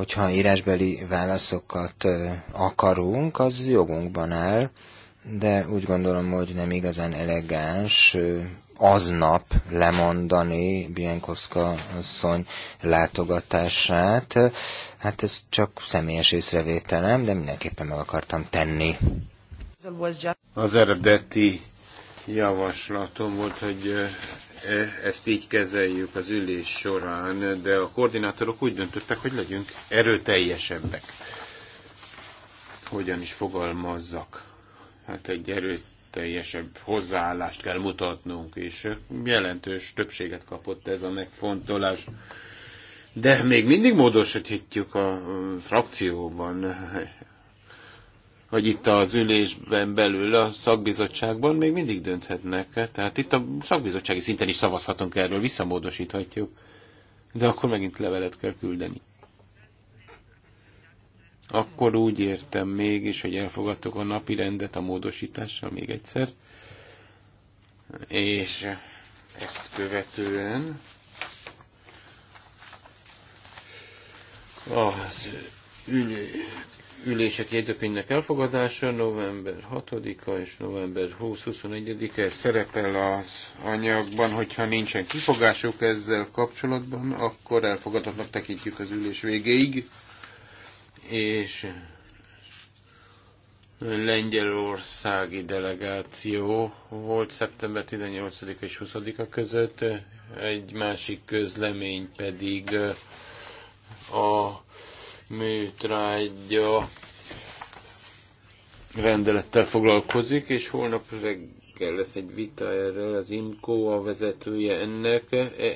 Hogyha írásbeli válaszokat akarunk, az jogunkban áll, de úgy gondolom, hogy nem igazán elegáns aznap lemondani Bienkowska asszony látogatását. Hát ez csak személyes észrevételem, de mindenképpen meg akartam tenni. Az eredeti javaslatom volt, hogy E, ezt így kezeljük az ülés során, de a koordinátorok úgy döntöttek, hogy legyünk erőteljesebbek. Hogyan is fogalmazzak? Hát egy erőteljesebb hozzáállást kell mutatnunk, és jelentős többséget kapott ez a megfontolás. De még mindig módosíthatjuk a frakcióban vagy itt az ülésben belül a szakbizottságban még mindig dönthetnek. Tehát itt a szakbizottsági szinten is szavazhatunk erről, visszamódosíthatjuk. De akkor megint levelet kell küldeni. Akkor úgy értem mégis, hogy elfogadtuk a napi rendet a módosítással még egyszer. És ezt követően az ülés ülések jegyzőkönyvnek elfogadása november 6-a és november 20-21-e szerepel az anyagban, hogyha nincsen kifogásuk ezzel kapcsolatban, akkor elfogadatnak tekintjük az ülés végéig, és lengyelországi delegáció volt szeptember 18 és 20-a között, egy másik közlemény pedig a műtrágya rendelettel foglalkozik, és holnap reggel lesz egy vita erről, az IMCO a vezetője ennek.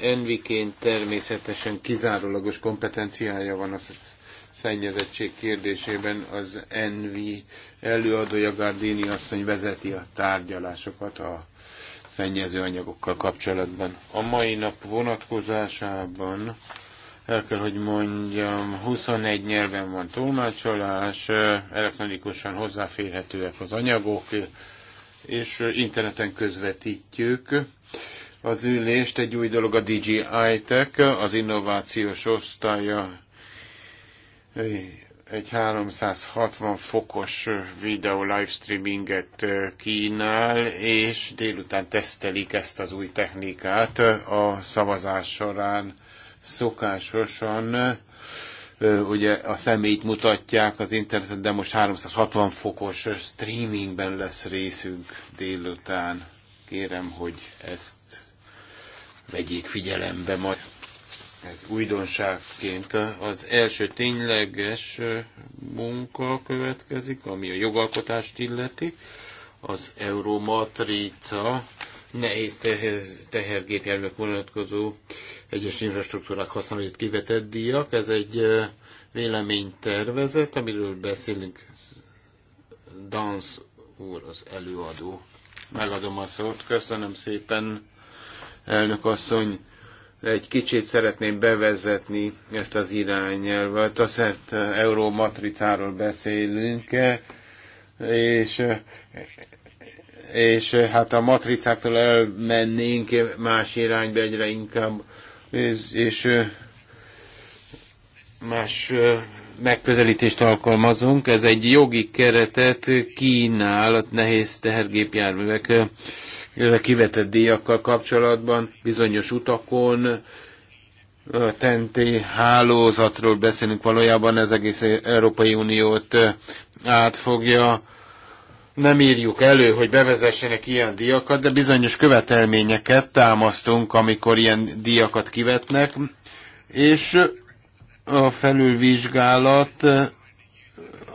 Enviként természetesen kizárólagos kompetenciája van az szennyezettség kérdésében az Envi előadója Gardini asszony vezeti a tárgyalásokat a szennyező anyagokkal kapcsolatban. A mai nap vonatkozásában el kell, hogy mondjam, 21 nyelven van tolmácsolás, elektronikusan hozzáférhetőek az anyagok, és interneten közvetítjük az ülést. Egy új dolog a DJI Tech, az innovációs osztálya egy 360 fokos videó livestreaminget kínál, és délután tesztelik ezt az új technikát a szavazás során szokásosan ugye a személyt mutatják az interneten, de most 360 fokos streamingben lesz részünk délután. Kérem, hogy ezt vegyék figyelembe majd. Ez újdonságként az első tényleges munka következik, ami a jogalkotást illeti. Az Euromatrica nehéz tehergépjárművek vonatkozó egyes infrastruktúrák használatát kivetett díjak. Ez egy véleménytervezet, amiről beszélünk. Dans úr az előadó. Megadom a szót. Köszönöm szépen, elnök asszony. Egy kicsit szeretném bevezetni ezt az irányelvet. Azt euró matricáról beszélünk, és és eh, hát a matricáktól elmennénk más irányba egyre inkább, és, és eh, más eh, megközelítést alkalmazunk. Ez egy jogi keretet kínál a nehéz tehergépjárművek kivetett díjakkal kapcsolatban, bizonyos utakon, a hálózatról beszélünk valójában, ez egész Európai Uniót átfogja, nem írjuk elő, hogy bevezessenek ilyen diakat, de bizonyos követelményeket támasztunk, amikor ilyen diakat kivetnek, és a felülvizsgálat eh,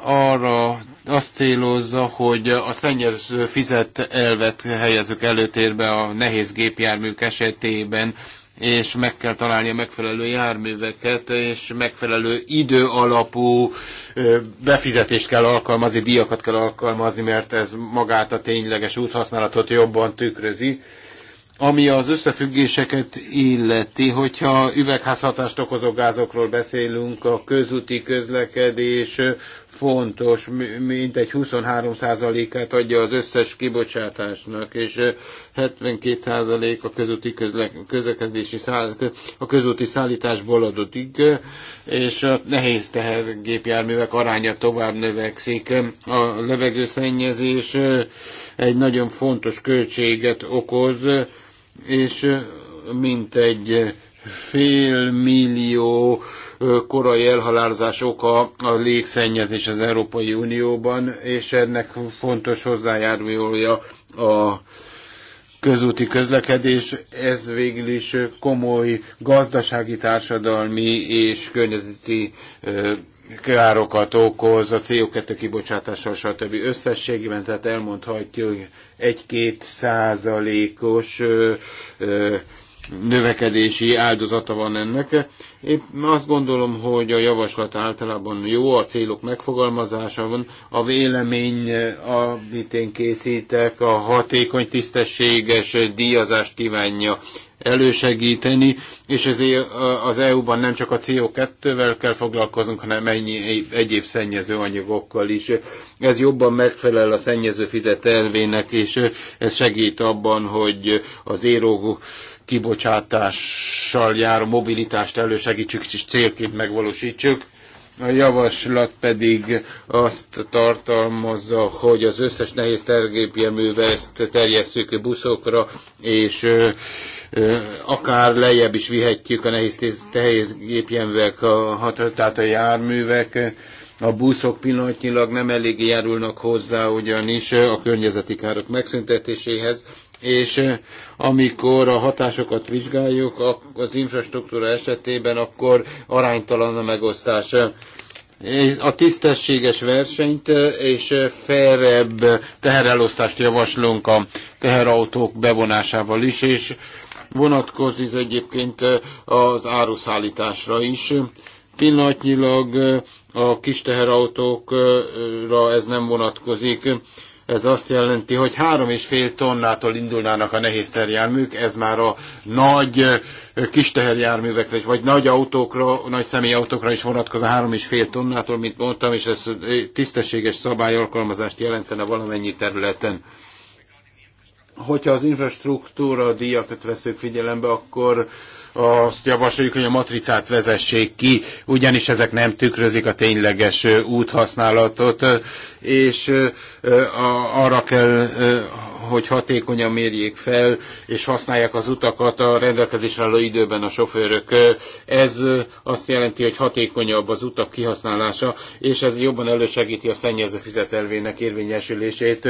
arra azt célozza, hogy a szennyező fizet elvet helyezük előtérbe a nehéz gépjárműk esetében, és meg kell találni a megfelelő járműveket, és megfelelő idő alapú befizetést kell alkalmazni, díjakat kell alkalmazni, mert ez magát a tényleges úthasználatot jobban tükrözi. Ami az összefüggéseket illeti, hogyha üvegházhatást okozó gázokról beszélünk, a közúti közlekedés, fontos, mint egy 23%-át adja az összes kibocsátásnak, és 72% a közúti közlekedési száll, a közúti szállításból adódik, és a nehéz tehergépjárművek aránya tovább növekszik. A levegőszennyezés egy nagyon fontos költséget okoz, és egy fél millió korai elhalálozás oka a légszennyezés az Európai Unióban, és ennek fontos hozzájárulója a közúti közlekedés, ez végül is komoly gazdasági, társadalmi és környezeti károkat okoz, a CO2 kibocsátással, stb. összességében, tehát elmondhatjuk egy-két százalékos ö, ö, növekedési áldozata van ennek. Én azt gondolom, hogy a javaslat általában jó, a célok megfogalmazása van, a vélemény, amit én készítek, a hatékony, tisztességes díjazást kívánja elősegíteni, és ezért az EU-ban nem csak a CO2-vel kell foglalkoznunk, hanem ennyi egyéb szennyező anyagokkal is. Ez jobban megfelel a szennyező fizet elvének, és ez segít abban, hogy az éró kibocsátással járó mobilitást elősegítsük és célként megvalósítsuk. A javaslat pedig azt tartalmazza, hogy az összes nehéz tergépjeműve ezt terjesszük buszokra, és ö, ö, akár lejjebb is vihetjük a nehéz tergépjárművek, a, tehát a járművek. A buszok pillanatnyilag nem eléggé járulnak hozzá ugyanis a környezeti károk megszüntetéséhez, és amikor a hatásokat vizsgáljuk az infrastruktúra esetében, akkor aránytalan a megosztás. A tisztességes versenyt és felrebb teherelosztást javaslunk a teherautók bevonásával is, és vonatkozik ez egyébként az áruszállításra is. Pillanatnyilag a kis teherautókra ez nem vonatkozik ez azt jelenti, hogy három és fél tonnától indulnának a nehéz terjárműk, ez már a nagy kis teherjárművekre is, vagy nagy autókra, nagy személyautókra is vonatkozó fél tonnától, mint mondtam, és ez tisztességes szabályalkalmazást jelentene valamennyi területen hogyha az infrastruktúra díjakat veszük figyelembe, akkor azt javasoljuk, hogy a matricát vezessék ki, ugyanis ezek nem tükrözik a tényleges úthasználatot, és arra kell, hogy hatékonyan mérjék fel, és használják az utakat a rendelkezésre álló időben a sofőrök. Ez azt jelenti, hogy hatékonyabb az utak kihasználása, és ez jobban elősegíti a szennyező fizetelvének érvényesülését.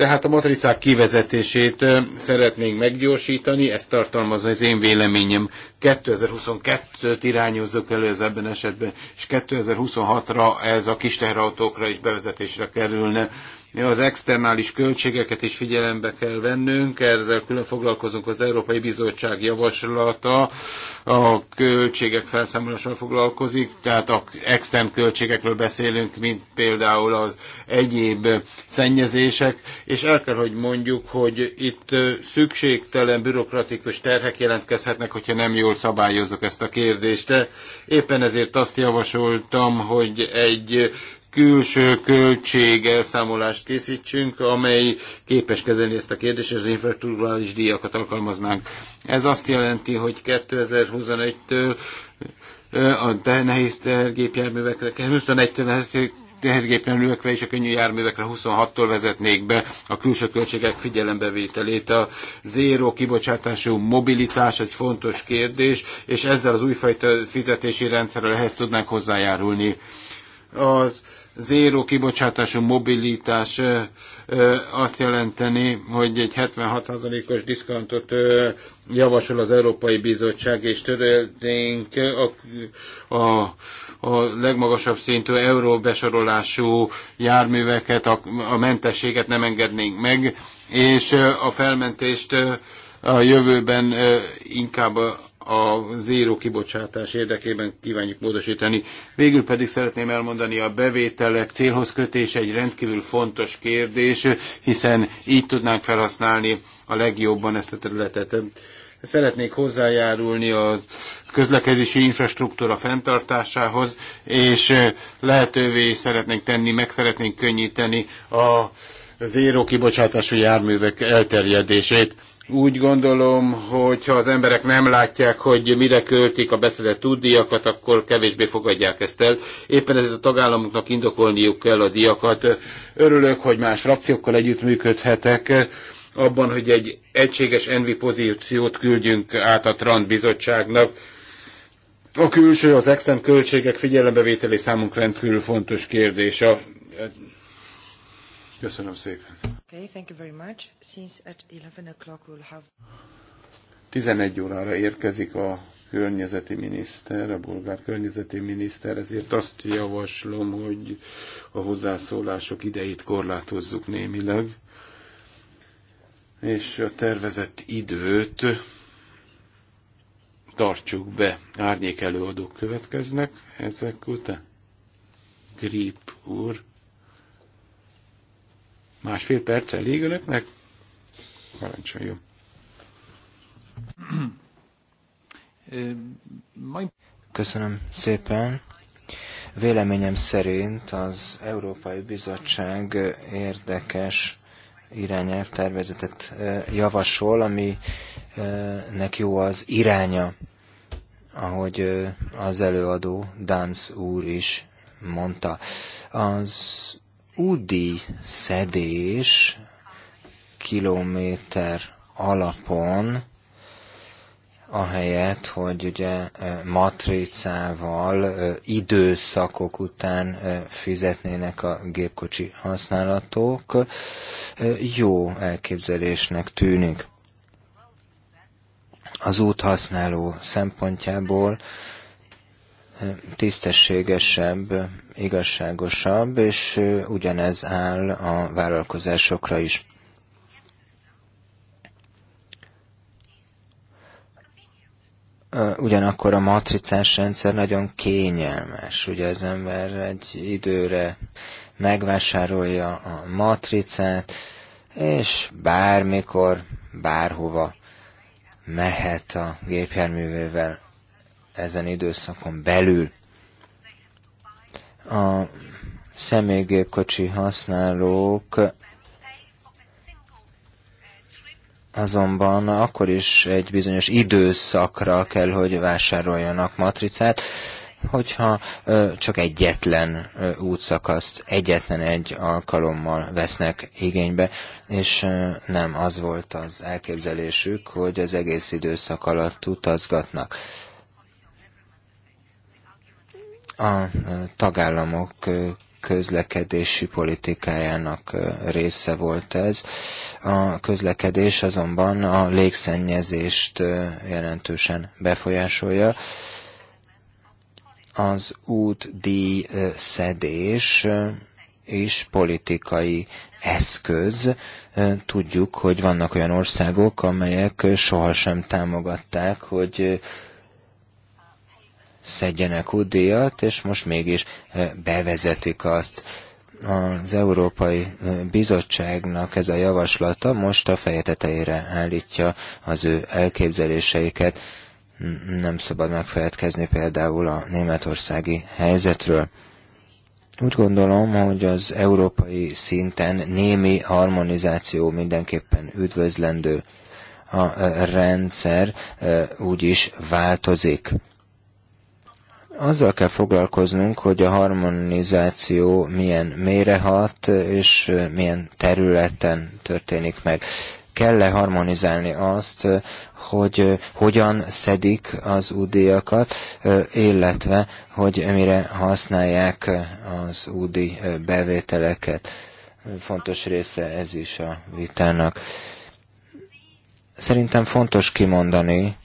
Tehát a matricák kivezetését szeretnénk meggyorsítani, ezt tartalmazza az én véleményem. 2022-t irányozzuk elő ez ebben esetben, és 2026-ra ez a kis teherautókra is bevezetésre kerülne. Az externális költségeket is figyelembe kell vennünk, ezzel külön foglalkozunk az Európai Bizottság javaslata, a költségek felszámolásával foglalkozik, tehát a extern költségekről beszélünk, mint például az egyéb szennyezések, és el kell, hogy mondjuk, hogy itt szükségtelen bürokratikus terhek jelentkezhetnek, hogyha nem jól szabályozok ezt a kérdést. De éppen ezért azt javasoltam, hogy egy külső költség elszámolást készítsünk, amely képes kezelni ezt a kérdést, és az infrastruktúrális díjakat alkalmaznánk. Ez azt jelenti, hogy 2021-től a nehéz tergépjárművekre, 21-től ülökve és a könnyű járművekre 26-tól vezetnék be a külső költségek figyelembevételét. A zéró kibocsátású mobilitás egy fontos kérdés, és ezzel az újfajta fizetési rendszerrel ehhez tudnánk hozzájárulni. Az zéró kibocsátású mobilitás azt jelenteni, hogy egy 76%-os diszkontot javasol az Európai Bizottság, és törölnénk a, a, a legmagasabb szintű euróbesorolású járműveket, a, a mentességet nem engednénk meg, és a felmentést a jövőben inkább a zéró kibocsátás érdekében kívánjuk módosítani. Végül pedig szeretném elmondani, a bevételek célhoz kötése egy rendkívül fontos kérdés, hiszen így tudnánk felhasználni a legjobban ezt a területet. Szeretnék hozzájárulni a közlekedési infrastruktúra fenntartásához, és lehetővé szeretnénk tenni, meg szeretnénk könnyíteni a zéró kibocsátású járművek elterjedését úgy gondolom, hogy ha az emberek nem látják, hogy mire költik a beszedett díjakat, akkor kevésbé fogadják ezt el. Éppen ezért a tagállamoknak indokolniuk kell a díjakat. Örülök, hogy más frakciókkal együttműködhetek abban, hogy egy egységes envi pozíciót küldjünk át a Trant bizottságnak. A külső, az extern költségek figyelembevételi számunk rendkívül fontos kérdés. Köszönöm szépen. Okay, thank you very much. Since at 11 o'clock we'll have... 11 órára érkezik a környezeti miniszter, a bulgár környezeti miniszter, ezért azt javaslom, hogy a hozzászólások idejét korlátozzuk némileg, és a tervezett időt tartsuk be. Árnyék előadók következnek ezek után. Grip úr. Másfél perc elég önöknek? Parancsoljon. Köszönöm szépen. Véleményem szerint az Európai Bizottság érdekes irányelv tervezetet e, javasol, ami nek jó az iránya, ahogy e, az előadó Dánc úr is mondta. Az údi szedés kilométer alapon, ahelyett, hogy ugye matricával időszakok után fizetnének a gépkocsi használatok, jó elképzelésnek tűnik. Az úthasználó szempontjából tisztességesebb igazságosabb, és ugyanez áll a vállalkozásokra is. Ugyanakkor a matricás rendszer nagyon kényelmes. Ugye az ember egy időre megvásárolja a matricát, és bármikor, bárhova mehet a gépjárművével ezen időszakon belül a személygépkocsi használók azonban akkor is egy bizonyos időszakra kell, hogy vásároljanak matricát, hogyha csak egyetlen útszakaszt, egyetlen egy alkalommal vesznek igénybe, és nem az volt az elképzelésük, hogy az egész időszak alatt utazgatnak a tagállamok közlekedési politikájának része volt ez. A közlekedés azonban a légszennyezést jelentősen befolyásolja. Az útdíj szedés is politikai eszköz. Tudjuk, hogy vannak olyan országok, amelyek sohasem támogatták, hogy szedjenek útdíjat, és most mégis eh, bevezetik azt. Az Európai eh, Bizottságnak ez a javaslata most a feje tetejére állítja az ő elképzeléseiket. Nem szabad megfeledkezni például a németországi helyzetről. Úgy gondolom, hogy az európai szinten némi harmonizáció mindenképpen üdvözlendő. A eh, rendszer úgyis változik azzal kell foglalkoznunk, hogy a harmonizáció milyen mérehat és milyen területen történik meg. Kell-e harmonizálni azt, hogy hogyan szedik az údiakat, illetve hogy mire használják az údi bevételeket. Fontos része ez is a vitának. Szerintem fontos kimondani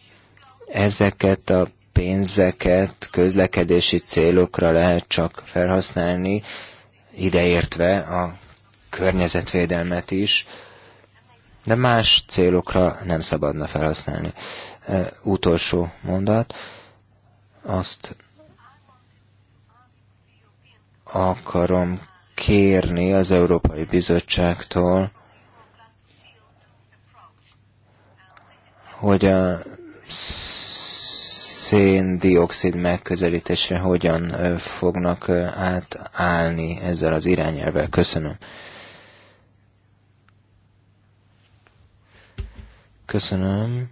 ezeket a pénzeket közlekedési célokra lehet csak felhasználni, ideértve a környezetvédelmet is, de más célokra nem szabadna felhasználni. Utolsó mondat, azt akarom kérni az Európai Bizottságtól, hogy a széndiokszid megközelítésre hogyan fognak átállni ezzel az irányelvel. Köszönöm. Köszönöm.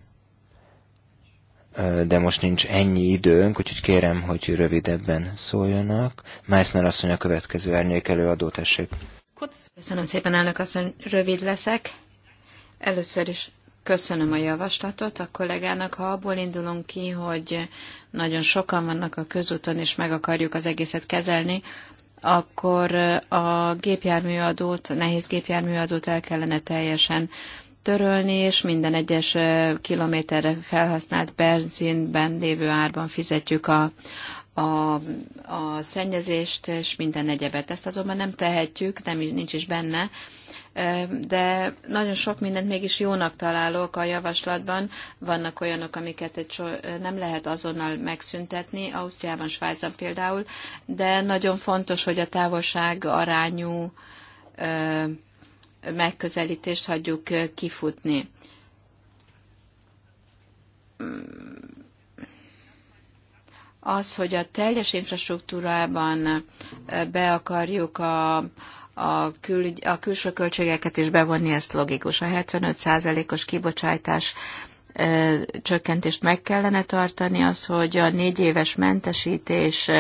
De most nincs ennyi időnk, úgyhogy kérem, hogy rövidebben szóljanak. Meissner asszony a következő árnyék előadó, tessék. Köszönöm szépen, elnök asszony, rövid leszek. Először is Köszönöm a javaslatot a kollégának, ha abból indulunk ki, hogy nagyon sokan vannak a közúton, és meg akarjuk az egészet kezelni, akkor a gépjárműadót, nehéz gépjárműadót el kellene teljesen törölni, és minden egyes kilométerre felhasznált benzinben lévő árban fizetjük a, a, a szennyezést és minden egyebet. Ezt azonban nem tehetjük, nem, nincs is benne de nagyon sok mindent mégis jónak találok a javaslatban. Vannak olyanok, amiket egy so- nem lehet azonnal megszüntetni, Ausztriában, Svájcban például, de nagyon fontos, hogy a távolság arányú megközelítést hagyjuk eh, kifutni az, hogy a teljes infrastruktúrában eh, be akarjuk a, a, kül, a külső költségeket is bevonni, ezt logikus. A 75%-os kibocsátás csökkentést meg kellene tartani, az, hogy a négy éves mentesítés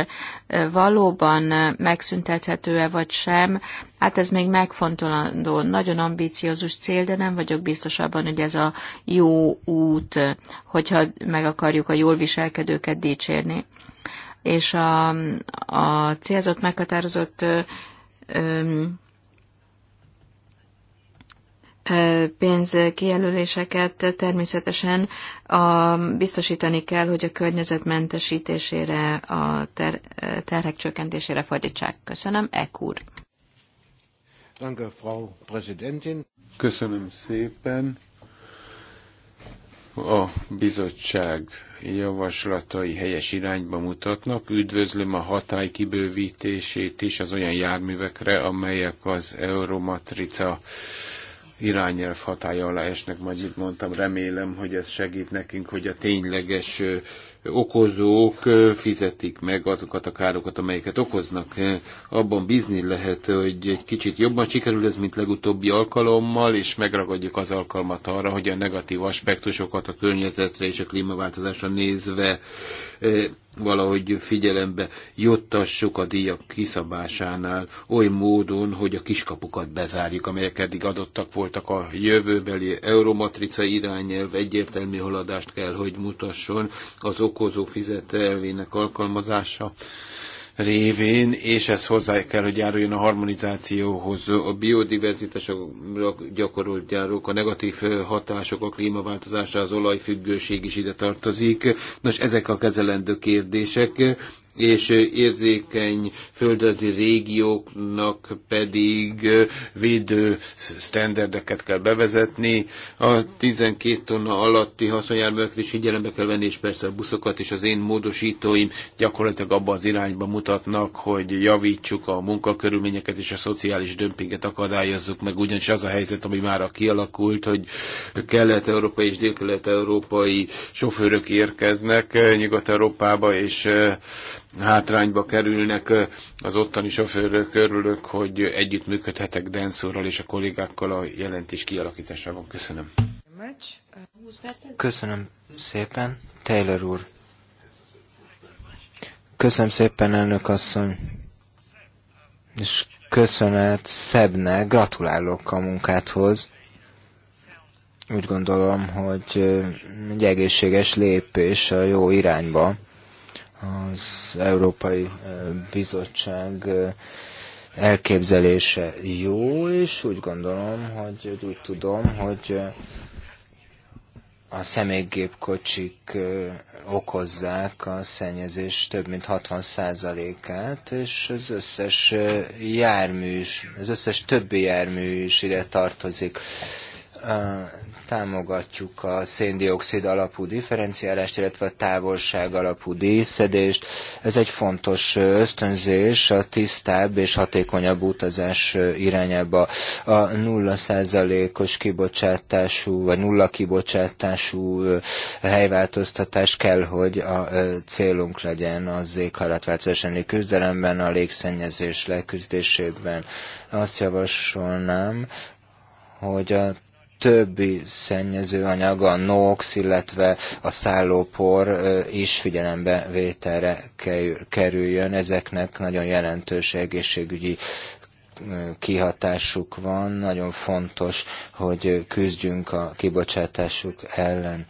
valóban megszüntethető-e vagy sem, hát ez még megfontolandó, nagyon ambíciózus cél, de nem vagyok biztos abban, hogy ez a jó út, hogyha meg akarjuk a jól viselkedőket dicsérni. És a, a célzott, meghatározott pénzkijelöléseket természetesen a, biztosítani kell, hogy a mentesítésére, a ter, terhek csökkentésére fordítsák. Köszönöm, Ekúr. Köszönöm szépen a bizottság javaslatai helyes irányba mutatnak. Üdvözlöm a hatály kibővítését is az olyan járművekre, amelyek az Euromatrica irányelv hatája alá esnek, majd itt mondtam, remélem, hogy ez segít nekünk, hogy a tényleges okozók fizetik meg azokat a károkat, amelyeket okoznak. Abban bízni lehet, hogy egy kicsit jobban sikerül ez, mint legutóbbi alkalommal, és megragadjuk az alkalmat arra, hogy a negatív aspektusokat a környezetre és a klímaváltozásra nézve valahogy figyelembe juttassuk a díjak kiszabásánál oly módon, hogy a kiskapukat bezárjuk, amelyek eddig adottak voltak a jövőbeli euromatrica irányelv egyértelmű haladást kell, hogy mutasson az okozó fizetelvének alkalmazása révén, és ez hozzá kell, hogy járuljon a harmonizációhoz. A biodiverzitásra gyakorolt járók, a negatív hatások, a klímaváltozásra, az olajfüggőség is ide tartozik. Nos, ezek a kezelendő kérdések, és érzékeny földrajzi régióknak pedig védő sztenderdeket kell bevezetni. A 12 tonna alatti haszonjárműveket is figyelembe kell venni, és persze a buszokat is az én módosítóim gyakorlatilag abba az irányba mutatnak, hogy javítsuk a munkakörülményeket és a szociális dömpinget akadályozzuk meg, ugyanis az a helyzet, ami már kialakult, hogy kelet-európai és dél-kelet-európai sofőrök érkeznek Nyugat-Európába, és hátrányba kerülnek az ottani sofőrök. Örülök, hogy együttműködhetek Denszorral és a kollégákkal a jelentés kialakításában. Köszönöm. Köszönöm szépen. Taylor úr. Köszönöm szépen, elnök asszony. És köszönet Szebne, gratulálok a munkáthoz. Úgy gondolom, hogy egy egészséges lépés a jó irányba az Európai eh, Bizottság eh, elképzelése jó, és úgy gondolom, hogy úgy tudom, hogy eh, a személygépkocsik okozzák a szennyezés több mint 60%-át, és az összes jármű is, az összes többi jármű is ide tartozik támogatjuk a széndiokszid alapú differenciálást, illetve a távolság alapú díszedést. Ez egy fontos ösztönzés a tisztább és hatékonyabb utazás irányába. A nulla százalékos kibocsátású, vagy nulla kibocsátású helyváltoztatás kell, hogy a célunk legyen az éghajlatváltozás elleni küzdelemben, a légszennyezés leküzdésében. Azt javasolnám, hogy a többi szennyezőanyag, a NOx, illetve a szállópor is figyelembe vételre kerüljön. Ezeknek nagyon jelentős egészségügyi kihatásuk van. Nagyon fontos, hogy küzdjünk a kibocsátásuk ellen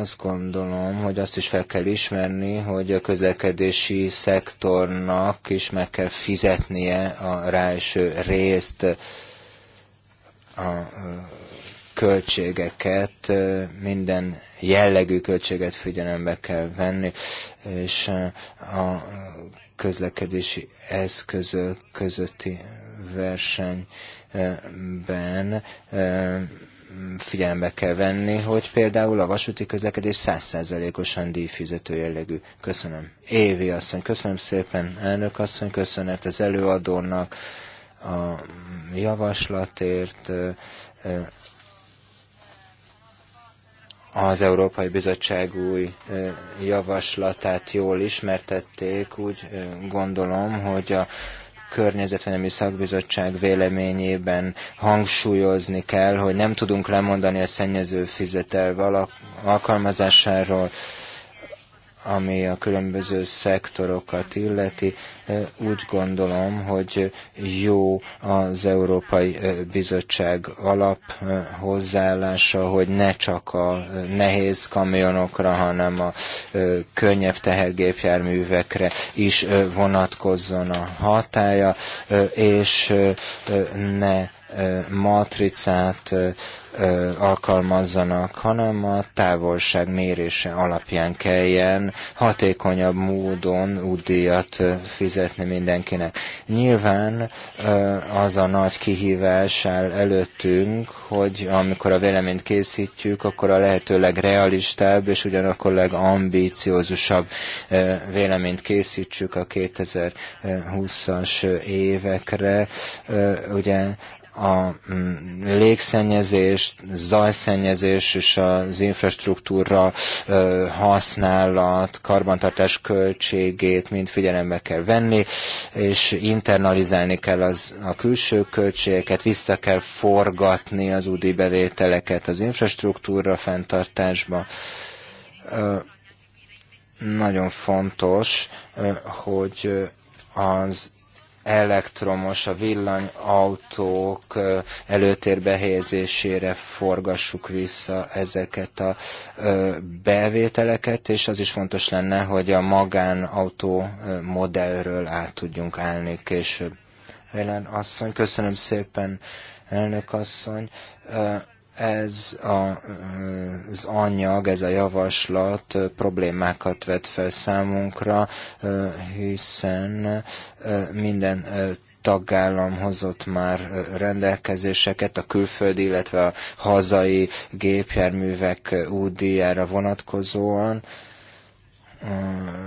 azt gondolom, hogy azt is fel kell ismerni, hogy a közlekedési szektornak is meg kell fizetnie a ráeső részt a költségeket, minden jellegű költséget figyelembe kell venni, és a közlekedési eszközök közötti versenyben figyelembe kell venni, hogy például a vasúti közlekedés százszázalékosan díjfizető jellegű. Köszönöm. Évi asszony, köszönöm szépen, elnök asszony, köszönet az előadónak, a javaslatért, az Európai Bizottság új javaslatát jól ismertették, úgy gondolom, hogy a környezetvédelmi szakbizottság véleményében hangsúlyozni kell, hogy nem tudunk lemondani a szennyező fizetel alkalmazásáról, ami a különböző szektorokat illeti, úgy gondolom, hogy jó az Európai Bizottság alap hozzáállása, hogy ne csak a nehéz kamionokra, hanem a könnyebb tehergépjárművekre is vonatkozzon a hatája, és ne matricát alkalmazzanak, hanem a távolság mérése alapján kelljen hatékonyabb módon útdíjat fizetni mindenkinek. Nyilván az a nagy kihívás áll előttünk, hogy amikor a véleményt készítjük, akkor a lehető legrealistább és ugyanakkor legambíciózusabb véleményt készítsük a 2020-as évekre. Ugye a mm, légszennyezés, zajszennyezés és az infrastruktúra használat, karbantartás költségét mind figyelembe kell venni, és internalizálni kell az, a külső költségeket, vissza kell forgatni az údi bevételeket az infrastruktúra fenntartásba nagyon fontos, hogy az elektromos, a villanyautók előtérbe helyezésére forgassuk vissza ezeket a bevételeket, és az is fontos lenne, hogy a magánautó modellről át tudjunk állni később. Helen asszony, köszönöm szépen, elnök asszony ez a, az anyag, ez a javaslat problémákat vet fel számunkra, hiszen minden tagállam hozott már rendelkezéseket a külföldi, illetve a hazai gépjárművek údíjára vonatkozóan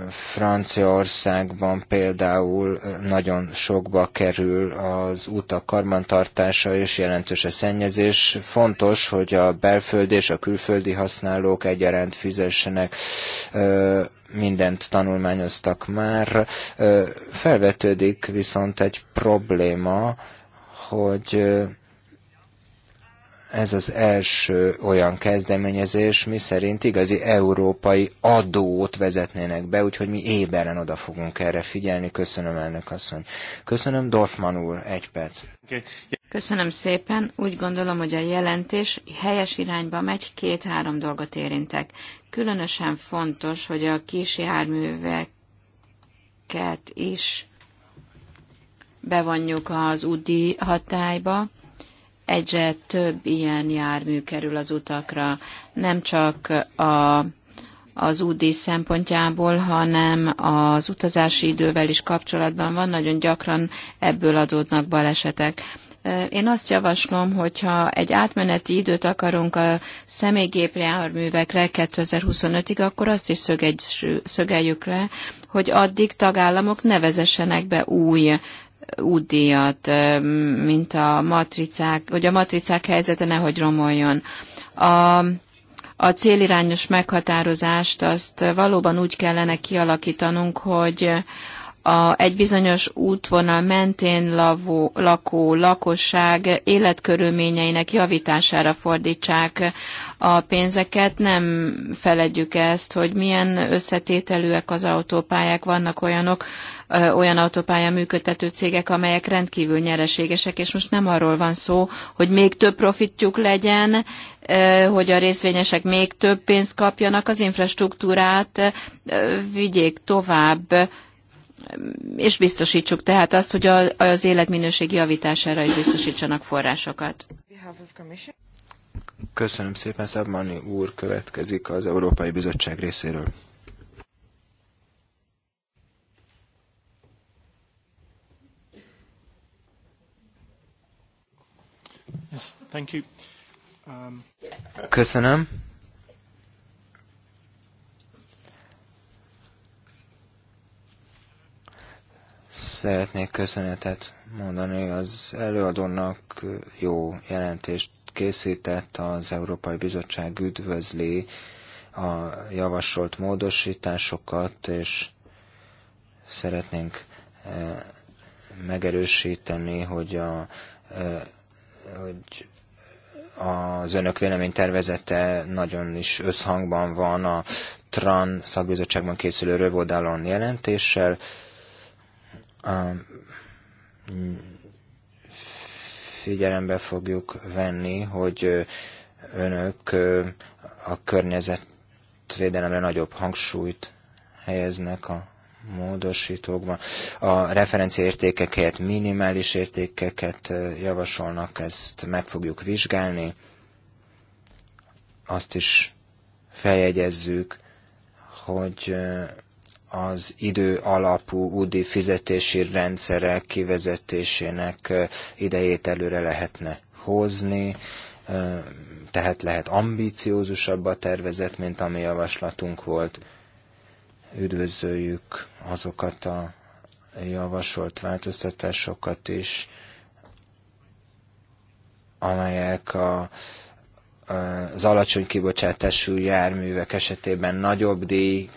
Franciaországban például nagyon sokba kerül az utak karbantartása és jelentős a szennyezés. Fontos, hogy a belföldi és a külföldi használók egyaránt fizessenek mindent tanulmányoztak már. Felvetődik viszont egy probléma, hogy ez az első olyan kezdeményezés, mi szerint igazi európai adót vezetnének be, úgyhogy mi éberen oda fogunk erre figyelni. Köszönöm, elnök asszony. Köszönöm, Dorfman úr, egy perc. Köszönöm szépen. Úgy gondolom, hogy a jelentés helyes irányba megy, két-három dolgot érintek. Különösen fontos, hogy a kis járműveket is bevonjuk az UDI hatályba, egyre több ilyen jármű kerül az utakra, nem csak a, az UD szempontjából, hanem az utazási idővel is kapcsolatban van, nagyon gyakran ebből adódnak balesetek. Én azt javaslom, hogyha egy átmeneti időt akarunk a személygépjárművekre 2025-ig, akkor azt is szögeljük le, hogy addig tagállamok ne vezessenek be új útdíjat, mint a matricák, hogy a matricák helyzete nehogy romoljon. A, a célirányos meghatározást azt valóban úgy kellene kialakítanunk, hogy a, egy bizonyos útvonal mentén lavó, lakó lakosság életkörülményeinek javítására fordítsák a pénzeket. Nem feledjük ezt, hogy milyen összetételűek az autópályák, vannak olyanok, olyan autópálya működtető cégek, amelyek rendkívül nyereségesek, és most nem arról van szó, hogy még több profitjuk legyen, hogy a részvényesek még több pénzt kapjanak, az infrastruktúrát vigyék tovább, és biztosítsuk tehát azt, hogy az életminőség javítására is biztosítsanak forrásokat. Köszönöm szépen, Szabmani úr következik az Európai Bizottság részéről. Um, Köszönöm. Szeretnék köszönetet mondani az előadónak, jó jelentést készített, az Európai Bizottság üdvözli a javasolt módosításokat, és szeretnénk e, megerősíteni, hogy, a, e, hogy az önök véleménytervezete nagyon is összhangban van a TRAN szakbizottságban készülő rövodalon jelentéssel, a mm, figyelembe fogjuk venni, hogy önök a környezetvédelemre nagyobb hangsúlyt helyeznek a módosítókban. A referenciértékek helyett minimális értékeket javasolnak, ezt meg fogjuk vizsgálni. Azt is feljegyezzük, hogy az idő alapú UDI fizetési rendszerek kivezetésének idejét előre lehetne hozni, tehát lehet ambíciózusabb a tervezet, mint ami javaslatunk volt. Üdvözöljük azokat a javasolt változtatásokat is, amelyek a, az alacsony kibocsátású járművek esetében nagyobb díj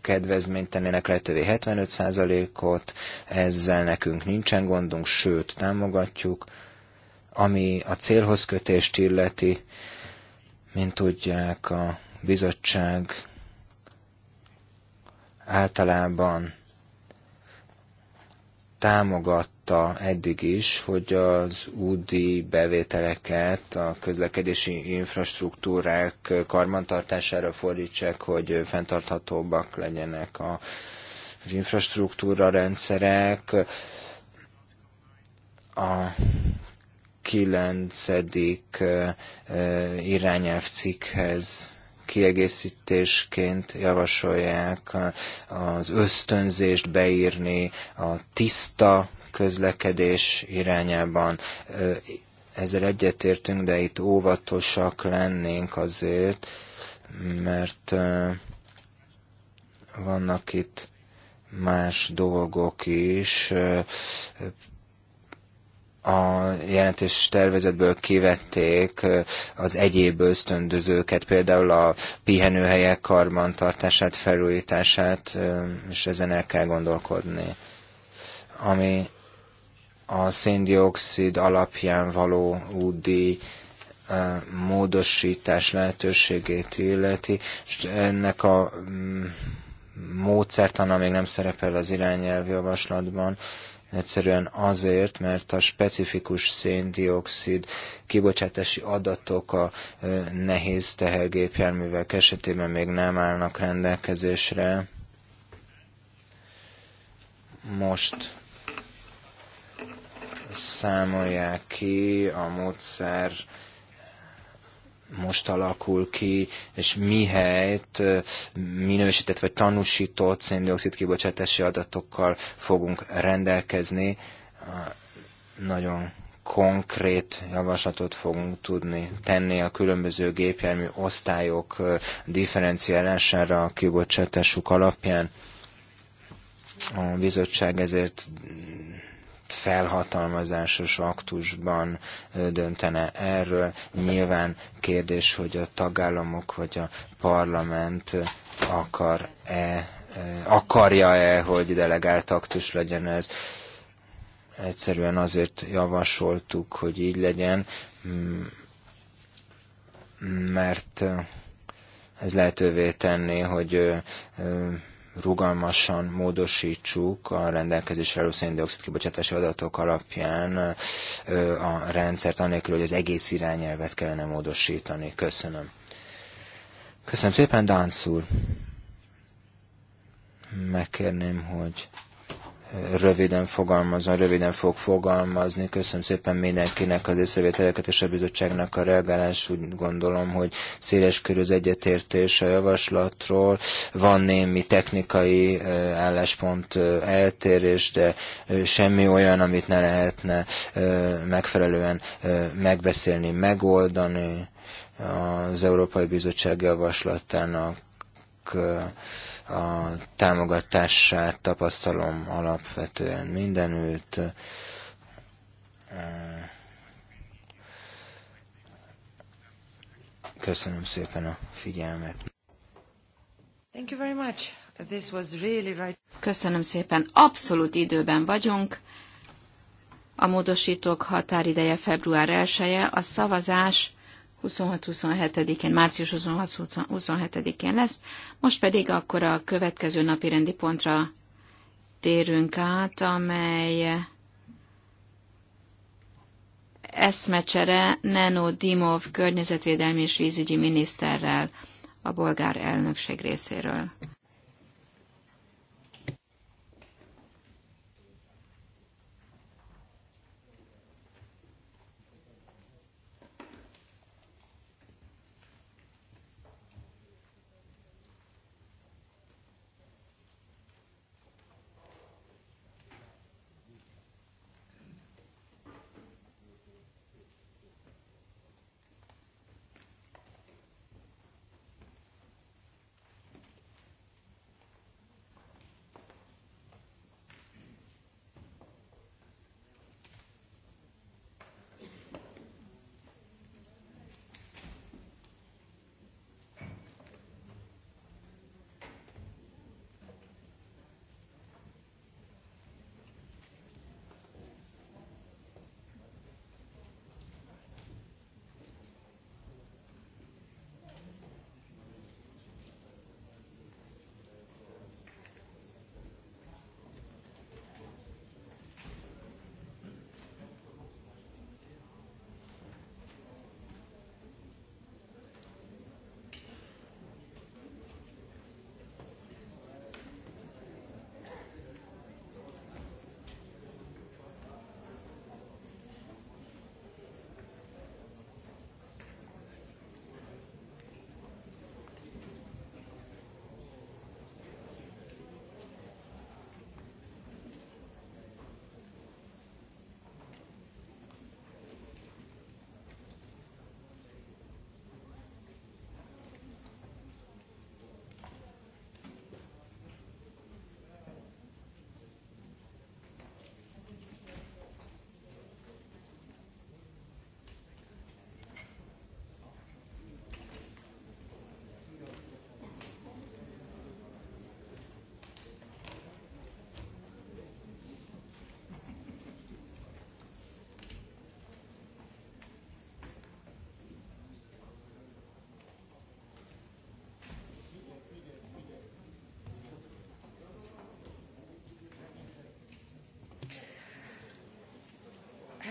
kedvezményt tennének lehetővé 75%-ot, ezzel nekünk nincsen gondunk, sőt, támogatjuk. Ami a célhoz kötést illeti, mint tudják, a bizottság általában támogat mondta eddig is, hogy az údi bevételeket a közlekedési infrastruktúrák karmantartására fordítsák, hogy fenntarthatóbbak legyenek a, az infrastruktúra rendszerek. A kilencedik irányelv cikkhez kiegészítésként javasolják az ösztönzést beírni, a tiszta közlekedés irányában. Ezzel egyetértünk, de itt óvatosak lennénk azért, mert vannak itt más dolgok is. A jelentés tervezetből kivették az egyéb ösztöndözőket, például a pihenőhelyek karbantartását, felújítását, és ezen el kell gondolkodni. Ami a széndiokszid alapján való údi eh, módosítás lehetőségét illeti, és ennek a mm, módszertana még nem szerepel az irányelv javaslatban, egyszerűen azért, mert a specifikus széndiokszid kibocsátási adatok a eh, nehéz tehergépjárművek esetében még nem állnak rendelkezésre. Most számolják ki, a módszer most alakul ki, és mihelyt minősített vagy tanúsított széndiokszid kibocsátási adatokkal fogunk rendelkezni, nagyon konkrét javaslatot fogunk tudni tenni a különböző gépjármű osztályok differenciálására a kibocsátásuk alapján. A bizottság ezért felhatalmazásos aktusban döntene erről. Nyilván kérdés, hogy a tagállamok vagy a parlament akar-e, akarja-e, hogy delegált aktus legyen ez. Egyszerűen azért javasoltuk, hogy így legyen, mert ez lehetővé tenni, hogy rugalmasan módosítsuk a rendelkezésre álló széndiokszid kibocsátási adatok alapján a rendszert, anélkül, hogy az egész irányelvet kellene módosítani. Köszönöm. Köszönöm szépen, Dánc úr. Megkérném, hogy röviden fogalmazom, röviden fog fogalmazni. Köszönöm szépen mindenkinek az észrevételeket és a bizottságnak a reagálás. Úgy gondolom, hogy széles körű az egyetértés a javaslatról. Van némi technikai álláspont eltérés, de semmi olyan, amit ne lehetne megfelelően megbeszélni, megoldani az Európai Bizottság javaslatának a támogatását tapasztalom alapvetően mindenütt. Köszönöm szépen a figyelmet. Thank you very much. This was really right. Köszönöm szépen. Abszolút időben vagyunk. A módosítók határideje február 1 -e, a szavazás 26-27-én, március 26-27-én lesz. Most pedig akkor a következő napi rendi pontra térünk át, amely eszmecsere Neno Dimov környezetvédelmi és vízügyi miniszterrel a bolgár elnökség részéről.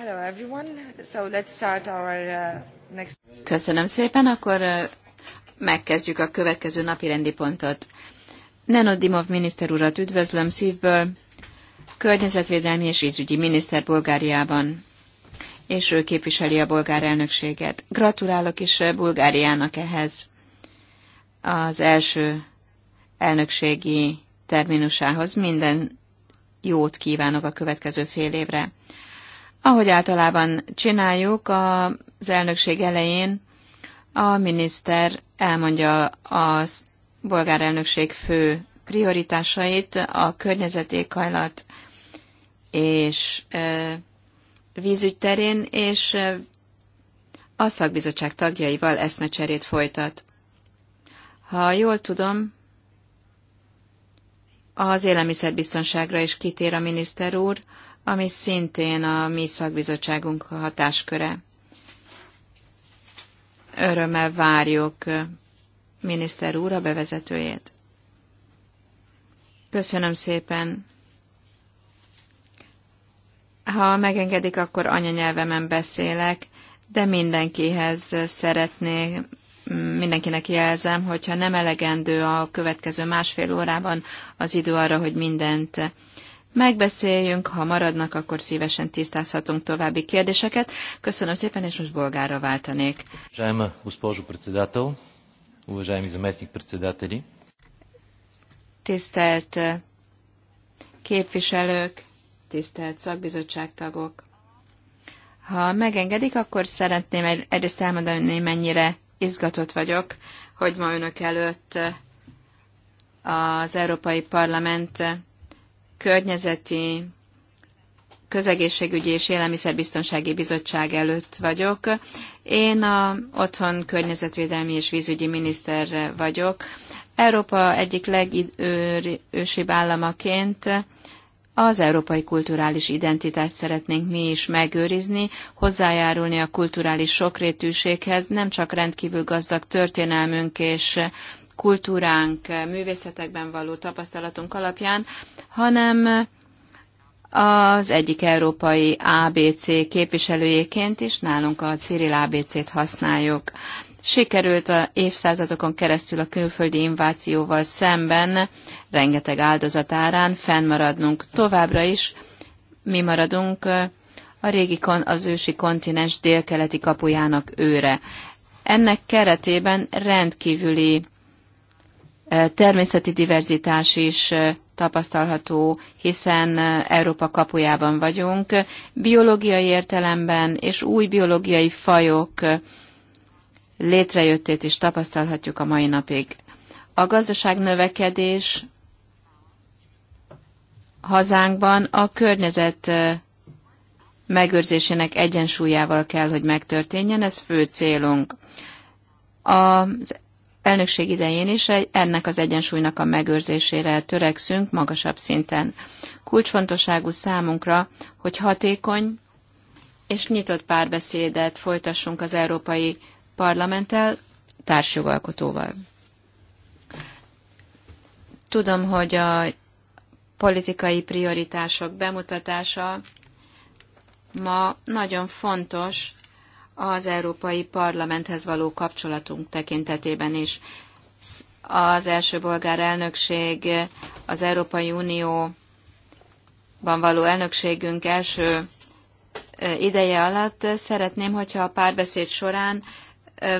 Uh, Köszönöm szépen, akkor uh, megkezdjük a következő napi rendi pontot. Nenodimov miniszter urat üdvözlöm szívből, környezetvédelmi és vízügyi miniszter Bulgáriában, és ő képviseli a bolgár elnökséget. Gratulálok is uh, Bulgáriának ehhez az első elnökségi terminusához. Minden jót kívánok a következő fél évre. Ahogy általában csináljuk, az elnökség elején a miniszter elmondja a bolgár elnökség fő prioritásait, a környezetékhajlat és vízügy terén, és a szakbizottság tagjaival eszmecserét folytat. Ha jól tudom, az élelmiszerbiztonságra is kitér a miniszter úr, ami szintén a mi szakbizottságunk hatásköre. Örömmel várjuk miniszter úr a bevezetőjét. Köszönöm szépen. Ha megengedik, akkor anyanyelvemen beszélek, de mindenkihez szeretnék mindenkinek jelzem, hogyha nem elegendő a következő másfél órában az idő arra, hogy mindent megbeszéljünk, ha maradnak, akkor szívesen tisztázhatunk további kérdéseket. Köszönöm szépen, és most bolgára váltanék. Tisztelt э, képviselők, tisztelt szakbizottságtagok. Ha megengedik, akkor szeretném egyrészt elmondani, mennyire izgatott vagyok, hogy ma önök előtt э, az Európai Parlament környezeti közegészségügyi és élelmiszerbiztonsági bizottság előtt vagyok. Én a otthon környezetvédelmi és vízügyi miniszter vagyok. Európa egyik legősibb államaként az európai kulturális identitást szeretnénk mi is megőrizni, hozzájárulni a kulturális sokrétűséghez, nem csak rendkívül gazdag történelmünk és kultúránk, művészetekben való tapasztalatunk alapján, hanem az egyik európai ABC képviselőjéként is nálunk a Cyril ABC-t használjuk. Sikerült a évszázadokon keresztül a külföldi invációval szemben, rengeteg áldozatárán fennmaradnunk továbbra is. Mi maradunk a régi kon, az ősi kontinens délkeleti kapujának őre. Ennek keretében rendkívüli természeti diverzitás is tapasztalható, hiszen Európa kapujában vagyunk, biológiai értelemben és új biológiai fajok létrejöttét is tapasztalhatjuk a mai napig. A gazdaság növekedés hazánkban a környezet megőrzésének egyensúlyával kell, hogy megtörténjen, ez fő célunk. Az elnökség idején is ennek az egyensúlynak a megőrzésére törekszünk magasabb szinten. Kulcsfontosságú számunkra, hogy hatékony és nyitott párbeszédet folytassunk az Európai Parlamenttel, társjogalkotóval. Tudom, hogy a politikai prioritások bemutatása ma nagyon fontos az Európai Parlamenthez való kapcsolatunk tekintetében is. Az első bolgár elnökség, az Európai Unióban való elnökségünk első ideje alatt szeretném, hogyha a párbeszéd során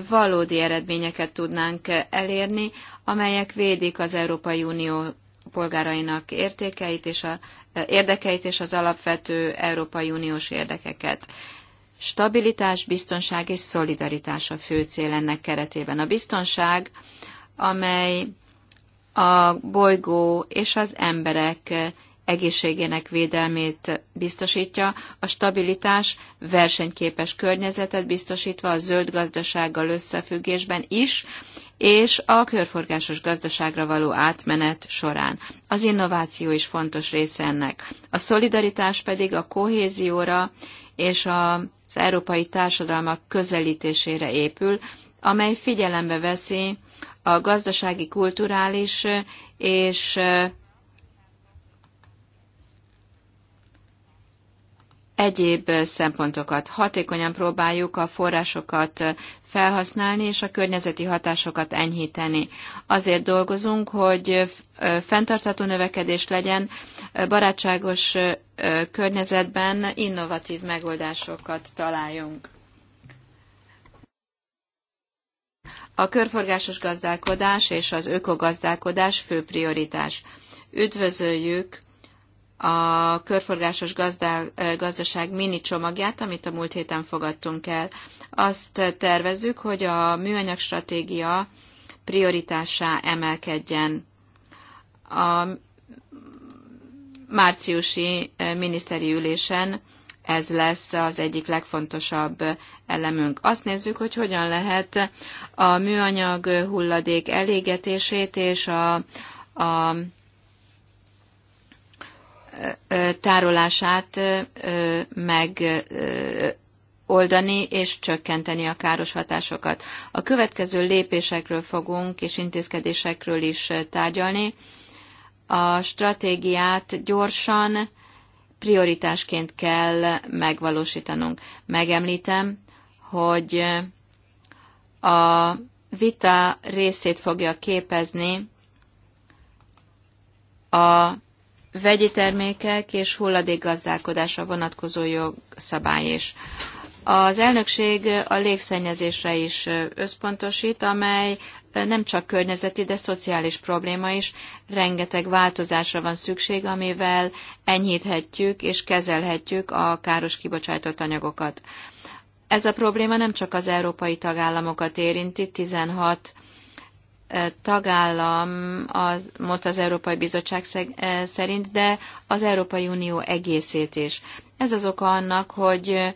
valódi eredményeket tudnánk elérni, amelyek védik az Európai Unió polgárainak értékeit és a, érdekeit és az alapvető Európai Uniós érdekeket. Stabilitás, biztonság és szolidaritás a fő cél ennek keretében. A biztonság, amely a bolygó és az emberek egészségének védelmét biztosítja, a stabilitás versenyképes környezetet biztosítva a zöld gazdasággal összefüggésben is, és a körforgásos gazdaságra való átmenet során. Az innováció is fontos része ennek. A szolidaritás pedig a kohézióra és a az európai társadalmak közelítésére épül, amely figyelembe veszi a gazdasági, kulturális és eh, egyéb szempontokat. Hatékonyan próbáljuk a forrásokat felhasználni és a környezeti hatásokat enyhíteni. Azért dolgozunk, hogy fenntartható növekedés legyen, barátságos környezetben innovatív megoldásokat találjunk. A körforgásos gazdálkodás és az ökogazdálkodás fő prioritás. Üdvözöljük a körforgásos gazdaság mini csomagját, amit a múlt héten fogadtunk el. Azt tervezzük, hogy a műanyag stratégia prioritásá emelkedjen a márciusi miniszteri ülésen ez lesz az egyik legfontosabb elemünk. Azt nézzük, hogy hogyan lehet a műanyag hulladék elégetését és a, a tárolását megoldani és csökkenteni a káros hatásokat. A következő lépésekről fogunk és intézkedésekről is tárgyalni. A stratégiát gyorsan, prioritásként kell megvalósítanunk. Megemlítem, hogy a vita részét fogja képezni a vegyi termékek és hulladékgazdálkodásra vonatkozó jogszabály is. Az elnökség a légszennyezésre is összpontosít, amely nem csak környezeti, de szociális probléma is. Rengeteg változásra van szükség, amivel enyhíthetjük és kezelhetjük a káros kibocsátott anyagokat. Ez a probléma nem csak az európai tagállamokat érinti, 16 tagállam az, mondta az Európai Bizottság szerint, de az Európai Unió egészét is. Ez az oka annak, hogy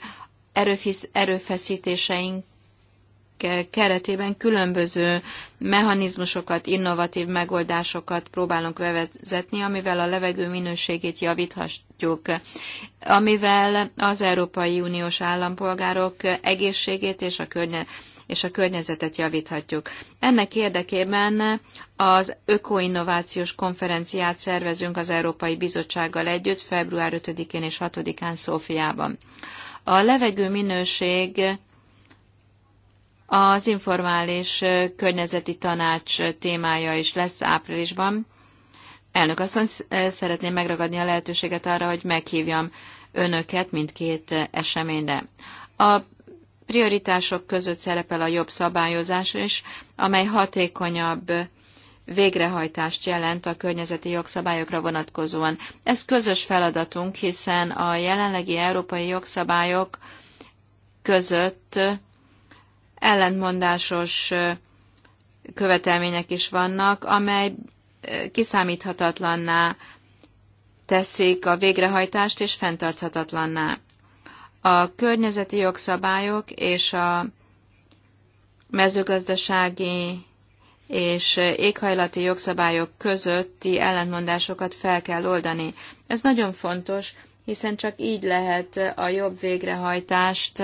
erőfeszítéseink keretében különböző mechanizmusokat, innovatív megoldásokat próbálunk bevezetni, amivel a levegő minőségét javíthatjuk, amivel az Európai Uniós állampolgárok egészségét és a környe, és a környezetet javíthatjuk. Ennek érdekében az Ökoinnovációs konferenciát szervezünk az Európai Bizottsággal együtt február 5-én és 6-án Szófiában. A levegő minőség az informális környezeti tanács témája is lesz áprilisban. Elnök asszony, szeretném megragadni a lehetőséget arra, hogy meghívjam önöket mindkét eseményre. A Prioritások között szerepel a jobb szabályozás is, amely hatékonyabb végrehajtást jelent a környezeti jogszabályokra vonatkozóan. Ez közös feladatunk, hiszen a jelenlegi európai jogszabályok között ellentmondásos követelmények is vannak, amely kiszámíthatatlanná teszik a végrehajtást és fenntarthatatlanná. A környezeti jogszabályok és a mezőgazdasági és éghajlati jogszabályok közötti ellentmondásokat fel kell oldani. Ez nagyon fontos, hiszen csak így lehet a jobb végrehajtást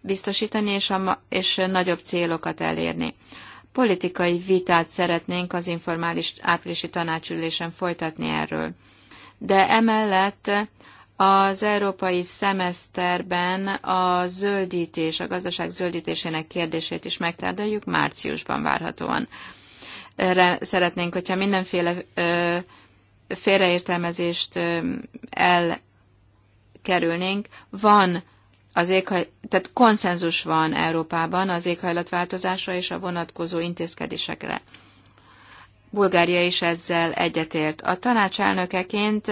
biztosítani és, a, és nagyobb célokat elérni. Politikai vitát szeretnénk az informális áprilisi tanácsülésen folytatni erről. De emellett az európai szemeszterben a zöldítés, a gazdaság zöldítésének kérdését is megtárgyaljuk márciusban várhatóan. Erre szeretnénk, hogyha mindenféle félreértelmezést elkerülnénk. Van az éghaj, tehát konszenzus van Európában az éghajlatváltozásra és a vonatkozó intézkedésekre. Bulgária is ezzel egyetért. A tanács elnökeként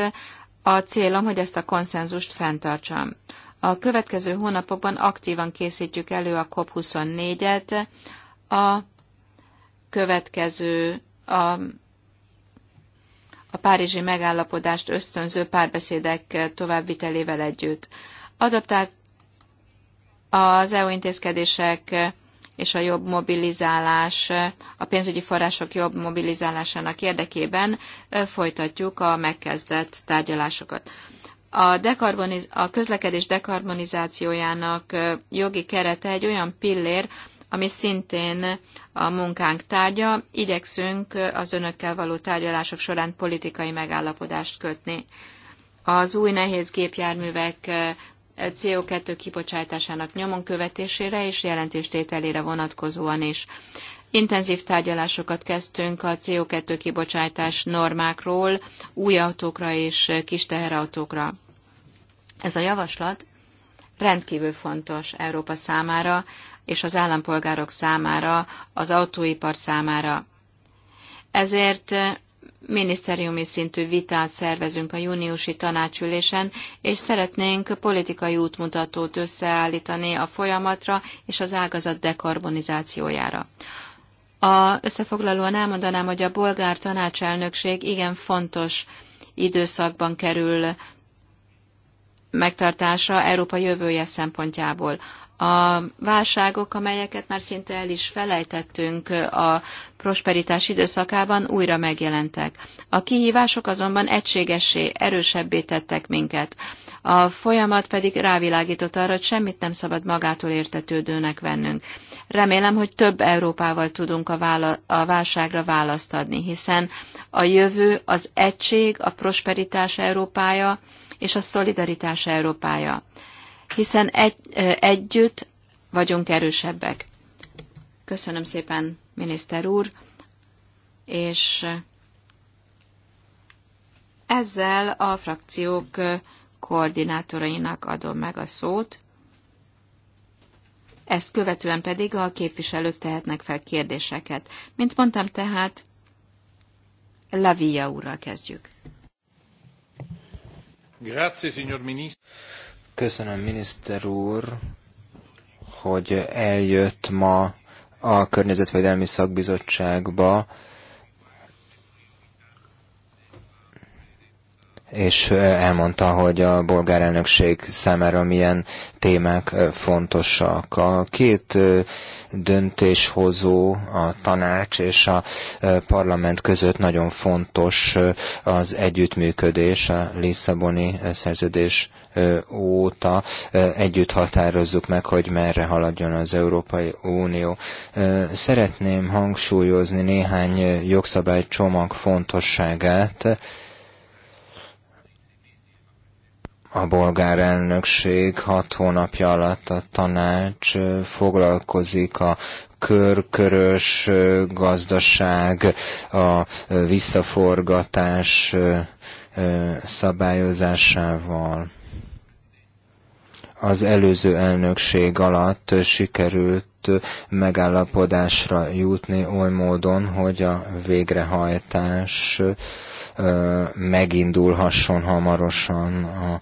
a célom, hogy ezt a konszenzust fenntartsam. A következő hónapokban aktívan készítjük elő a COP24-et, a következő a, a párizsi megállapodást ösztönző párbeszédek továbbvitelével együtt. Adaptált az EU intézkedések és a jobb mobilizálás, a pénzügyi források jobb mobilizálásának érdekében folytatjuk a megkezdett tárgyalásokat. A, dekarboniz- a közlekedés dekarbonizációjának jogi kerete egy olyan pillér, ami szintén a munkánk tárgya. Igyekszünk az önökkel való tárgyalások során politikai megállapodást kötni. Az új nehéz gépjárművek CO2 kibocsátásának nyomon követésére és jelentéstételére vonatkozóan is. Intenzív tárgyalásokat kezdtünk a CO2 kibocsátás normákról új autókra és kis teherautókra. Ez a javaslat rendkívül fontos Európa számára és az állampolgárok számára, az autóipar számára. Ezért minisztériumi szintű vitát szervezünk a júniusi tanácsülésen, és szeretnénk politikai útmutatót összeállítani a folyamatra és az ágazat dekarbonizációjára. A összefoglalóan elmondanám, hogy a bolgár tanácselnökség igen fontos időszakban kerül megtartása Európa jövője szempontjából a válságok, amelyeket már szinte el is felejtettünk a prosperitás időszakában, újra megjelentek. A kihívások azonban egységessé, erősebbé tettek minket. A folyamat pedig rávilágított arra, hogy semmit nem szabad magától értetődőnek vennünk. Remélem, hogy több Európával tudunk a, vála- a válságra választ adni, hiszen a jövő az egység, a prosperitás Európája és a szolidaritás Európája hiszen egy, együtt vagyunk erősebbek. Köszönöm szépen, miniszter úr, és ezzel a frakciók koordinátorainak adom meg a szót, ezt követően pedig a képviselők tehetnek fel kérdéseket. Mint mondtam tehát, Lavia úrral kezdjük. Grazie, signor ministro. Köszönöm, miniszter úr, hogy eljött ma a Környezetvédelmi Szakbizottságba, és elmondta, hogy a bolgár elnökség számára milyen témák fontosak. A két döntéshozó, a tanács és a parlament között nagyon fontos az együttműködés a Lisszaboni szerződés óta együtt határozzuk meg, hogy merre haladjon az Európai Unió. Szeretném hangsúlyozni néhány jogszabálycsomag fontosságát, a bolgár elnökség hat hónapja alatt a tanács foglalkozik a körkörös gazdaság, a visszaforgatás szabályozásával az előző elnökség alatt sikerült megállapodásra jutni oly módon, hogy a végrehajtás megindulhasson hamarosan a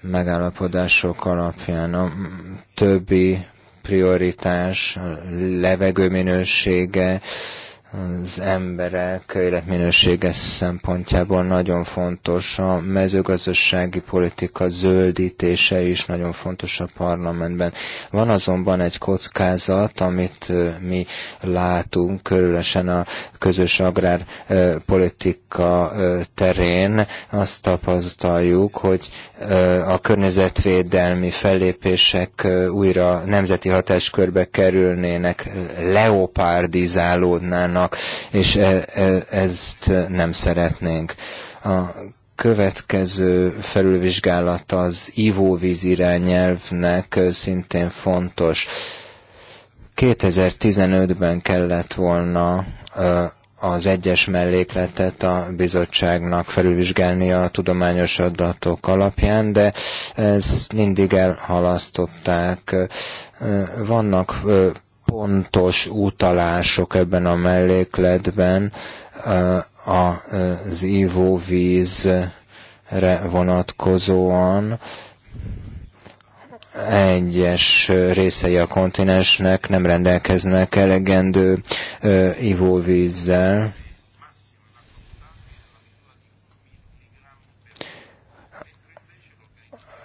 megállapodások alapján. A többi prioritás, levegőminősége, az emberek életminősége szempontjából nagyon fontos. A mezőgazdasági politika zöldítése is nagyon fontos a parlamentben. Van azonban egy kockázat, amit mi látunk körülösen a közös agrárpolitika terén. Azt tapasztaljuk, hogy a környezetvédelmi fellépések újra nemzeti hatáskörbe kerülnének, leopárdizálódnának, vannak, és e, e, ezt nem szeretnénk. A következő felülvizsgálat az ivóvíz irányelvnek szintén fontos. 2015-ben kellett volna az egyes mellékletet a bizottságnak felülvizsgálni a tudományos adatok alapján, de ezt mindig elhalasztották. Vannak pontos utalások ebben a mellékletben eh, az ivóvízre vonatkozóan egyes részei a kontinensnek nem rendelkeznek elegendő eh, ivóvízzel.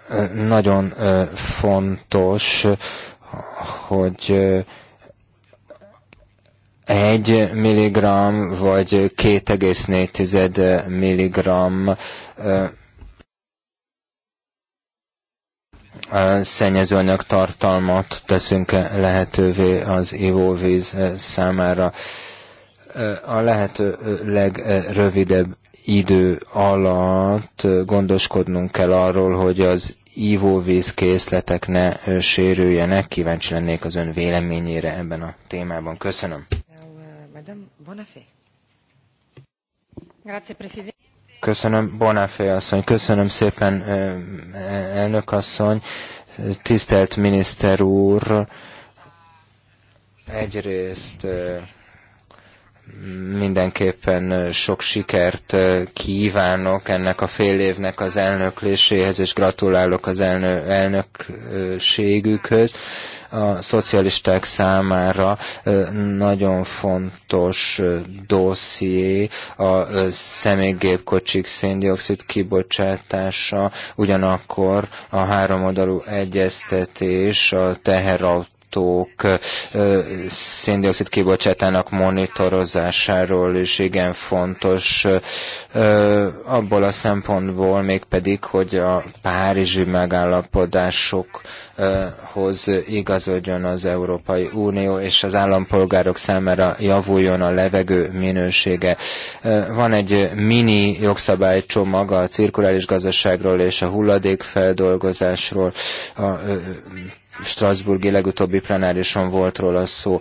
Eh, nagyon fontos, hogy 1 mg vagy 2,4 mg szennyezőanyag tartalmat teszünk lehetővé az ivóvíz számára. A lehető legrövidebb idő alatt gondoskodnunk kell arról, hogy az ivóvízkészletek ne sérüljenek. Kíváncsi lennék az ön véleményére ebben a témában. Köszönöm. Köszönöm, Bonafé asszony, köszönöm szépen, elnök asszony, tisztelt miniszter úr. Egyrészt mindenképpen sok sikert kívánok ennek a fél évnek az elnökléséhez, és gratulálok az elnö elnökségükhöz a szocialisták számára nagyon fontos dosszié a személygépkocsik széndiokszid kibocsátása, ugyanakkor a háromoldalú egyeztetés a teherautó gyártók széndiokszid kibocsátának monitorozásáról is igen fontos abból a szempontból mégpedig, hogy a párizsi megállapodásokhoz igazodjon az Európai Unió, és az állampolgárok számára javuljon a levegő minősége. Van egy mini jogszabálycsomag a cirkuláris gazdaságról és a hulladékfeldolgozásról, a Strasburgi legutóbbi plenárison volt róla szó.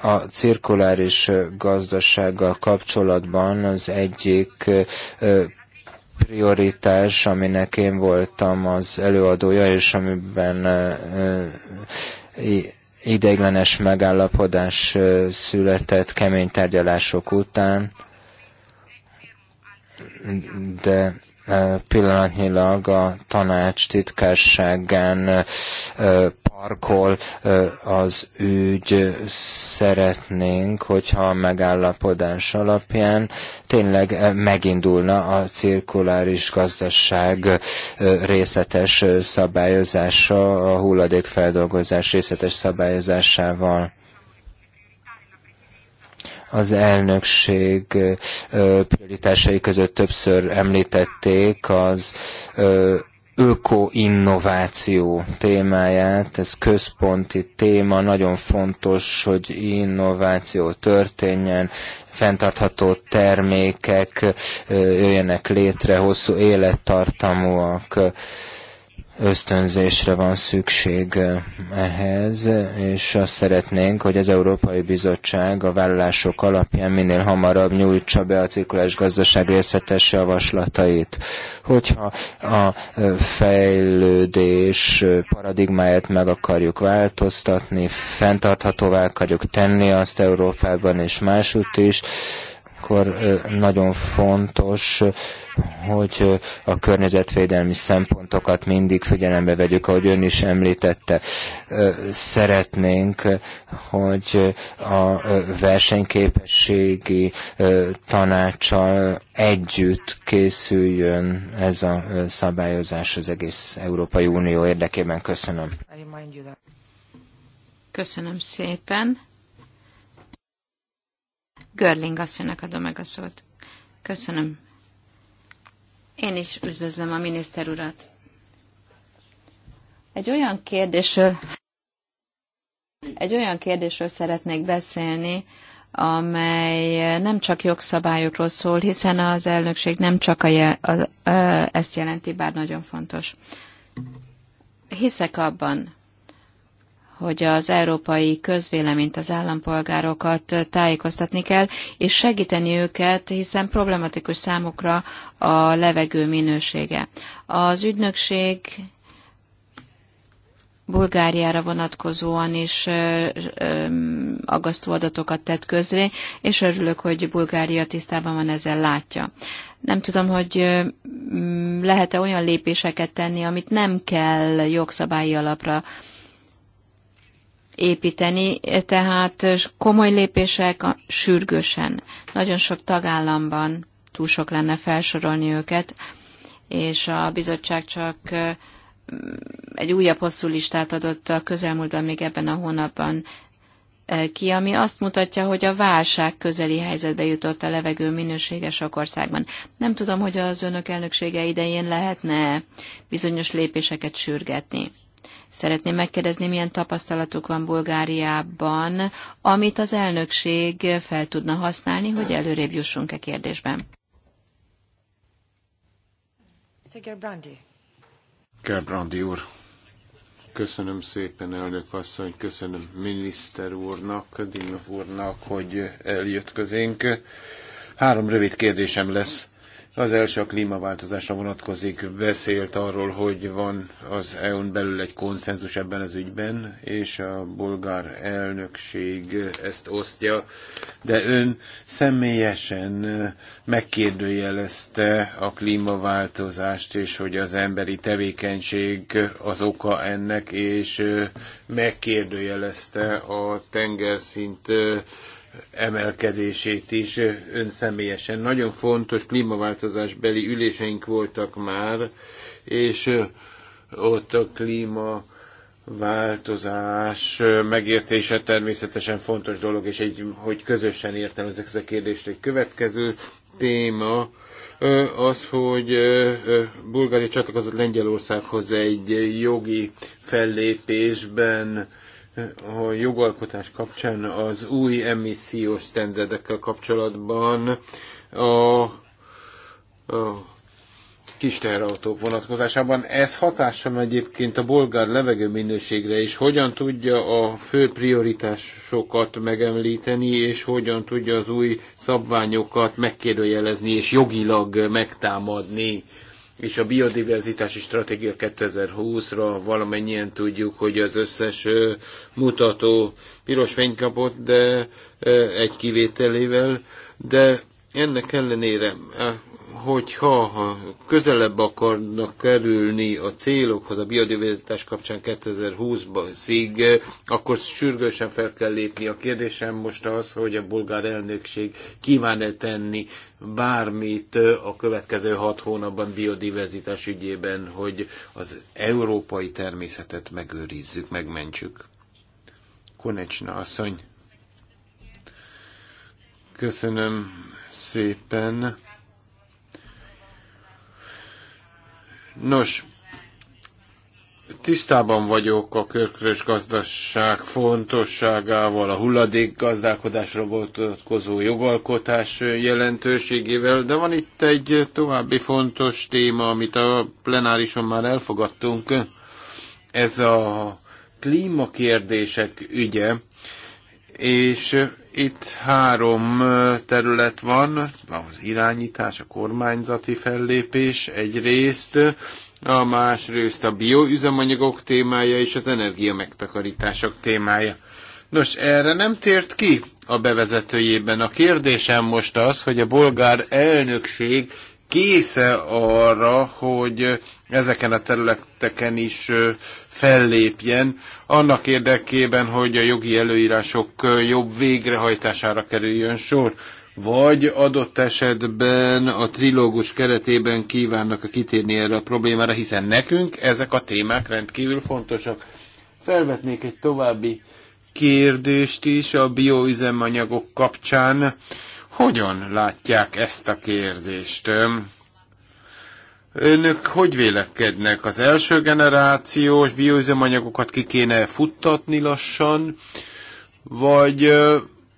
A cirkuláris gazdasággal kapcsolatban az egyik prioritás, aminek én voltam az előadója, és amiben ideiglenes megállapodás született kemény tárgyalások után, de pillanatnyilag a tanács titkárságán parkol az ügy. Szeretnénk, hogyha a megállapodás alapján tényleg megindulna a cirkuláris gazdaság részletes szabályozása a hulladékfeldolgozás részletes szabályozásával az elnökség prioritásai között többször említették az öko-innováció témáját, ez központi téma, nagyon fontos, hogy innováció történjen, fenntartható termékek jöjjenek létre, hosszú élettartamúak, ösztönzésre van szükség ehhez, és azt szeretnénk, hogy az Európai Bizottság a vállalások alapján minél hamarabb nyújtsa be a cirkulás gazdaság részletes javaslatait. Hogyha a fejlődés paradigmáját meg akarjuk változtatni, fenntarthatóvá akarjuk tenni azt Európában és másutt is, akkor nagyon fontos, hogy a környezetvédelmi szempontokat mindig figyelembe vegyük, ahogy ön is említette. Szeretnénk, hogy a versenyképességi tanácsal együtt készüljön ez a szabályozás az egész Európai Unió érdekében. Köszönöm. Köszönöm szépen. Görling asszonynak adom meg a szót. Köszönöm. Én is üdvözlöm a miniszter urat. Egy olyan kérdésről, egy olyan kérdésről szeretnék beszélni, amely nem csak jogszabályokról szól, hiszen az elnökség nem csak a jel, a, a, ezt jelenti, bár nagyon fontos. Hiszek abban, hogy az európai közvéleményt, az állampolgárokat tájékoztatni kell, és segíteni őket, hiszen problematikus számukra a levegő minősége. Az ügynökség Bulgáriára vonatkozóan is aggasztó adatokat tett közré, és örülök, hogy Bulgária tisztában van ezzel látja. Nem tudom, hogy lehet-e olyan lépéseket tenni, amit nem kell jogszabályi alapra építeni, tehát komoly lépések sürgősen. Nagyon sok tagállamban túl sok lenne felsorolni őket, és a bizottság csak mm, egy újabb hosszú listát adott a közelmúltban, még ebben a hónapban e, ki, ami azt mutatja, hogy a válság közeli helyzetbe jutott a levegő minősége sok országban. Nem tudom, hogy az önök elnöksége idején lehetne bizonyos lépéseket sürgetni. Szeretném megkérdezni, milyen tapasztalatuk van Bulgáriában, amit az elnökség fel tudna használni, hogy előrébb jussunk-e kérdésben. Gerbrandi. Gerbrandi úr. Köszönöm szépen, elnök asszony, köszönöm miniszter úrnak, Dimov úrnak, hogy eljött közénk. Három rövid kérdésem lesz. Az első a klímaváltozásra vonatkozik, beszélt arról, hogy van az EU-n belül egy konszenzus ebben az ügyben, és a bolgár elnökség ezt osztja, de ön személyesen megkérdőjelezte a klímaváltozást, és hogy az emberi tevékenység az oka ennek, és megkérdőjelezte a tengerszint emelkedését is ön személyesen. Nagyon fontos klímaváltozásbeli üléseink voltak már, és ott a klíma változás megértése természetesen fontos dolog, és egy, hogy közösen értem ezek a kérdést. Egy következő téma az, hogy Bulgária csatlakozott Lengyelországhoz egy jogi fellépésben, a jogalkotás kapcsán az új emissziós standardekkel kapcsolatban a, a kis teherautók vonatkozásában. Ez hatással egyébként a bolgár levegőminőségre is. Hogyan tudja a fő prioritásokat megemlíteni, és hogyan tudja az új szabványokat megkérdőjelezni és jogilag megtámadni? és a biodiverzitási stratégia 2020-ra valamennyien tudjuk, hogy az összes mutató piros fényt kapott, de egy kivételével, de ennek ellenére hogyha közelebb akarnak kerülni a célokhoz a biodiverzitás kapcsán 2020 szíg, akkor sürgősen fel kell lépni. A kérdésem most az, hogy a bulgár elnökség kíván-e tenni bármit a következő hat hónapban biodiverzitás ügyében, hogy az európai természetet megőrizzük, megmentsük. Konecsna asszony. Köszönöm szépen Nos, tisztában vagyok a körkörös gazdaság fontosságával, a hulladék gazdálkodásra vonatkozó jogalkotás jelentőségével, de van itt egy további fontos téma, amit a plenárison már elfogadtunk, ez a klímakérdések ügye, és itt három terület van, az irányítás, a kormányzati fellépés egyrészt, a másrészt a bioüzemanyagok témája és az energiamegtakarítások témája. Nos, erre nem tért ki a bevezetőjében. A kérdésem most az, hogy a bolgár elnökség késze arra, hogy ezeken a területeken is fellépjen, annak érdekében, hogy a jogi előírások jobb végrehajtására kerüljön sor, vagy adott esetben a trilógus keretében kívánnak a kitérni erre a problémára, hiszen nekünk ezek a témák rendkívül fontosak. Felvetnék egy további kérdést is a bioüzemanyagok kapcsán hogyan látják ezt a kérdést? Önök hogy vélekednek? Az első generációs bioüzemanyagokat ki kéne futtatni lassan, vagy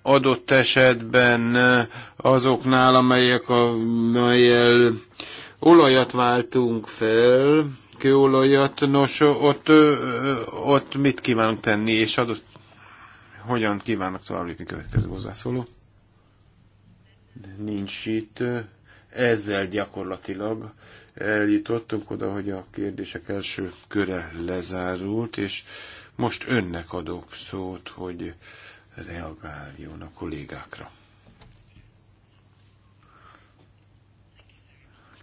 adott esetben azoknál, amelyek a, amelyel olajat váltunk fel, kőolajat, nos, ott, ott mit kívánunk tenni, és adott hogyan kívánok tovább lépni következő hozzászólót? nincs itt. Ezzel gyakorlatilag eljutottunk oda, hogy a kérdések első köre lezárult, és most önnek adok szót, hogy reagáljon a kollégákra.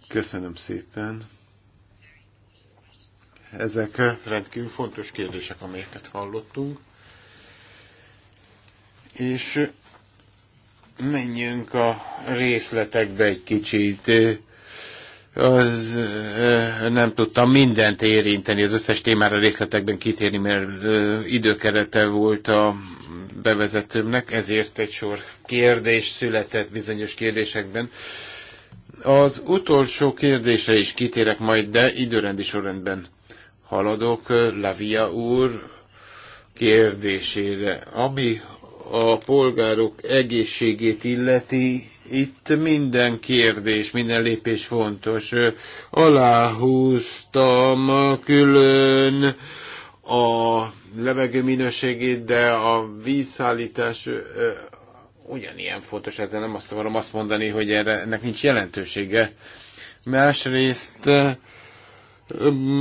Köszönöm szépen. Ezek rendkívül fontos kérdések, amelyeket hallottunk. És menjünk a részletekbe egy kicsit. Az nem tudtam mindent érinteni, az összes témára részletekben kitérni, mert időkerete volt a bevezetőmnek, ezért egy sor kérdés született bizonyos kérdésekben. Az utolsó kérdésre is kitérek majd, de időrendi sorrendben haladok. Lavia úr kérdésére, ami a polgárok egészségét illeti, itt minden kérdés, minden lépés fontos. Aláhúztam külön a levegő minőségét, de a vízszállítás ugyanilyen fontos, ezzel nem azt akarom azt mondani, hogy erre, ennek nincs jelentősége. Másrészt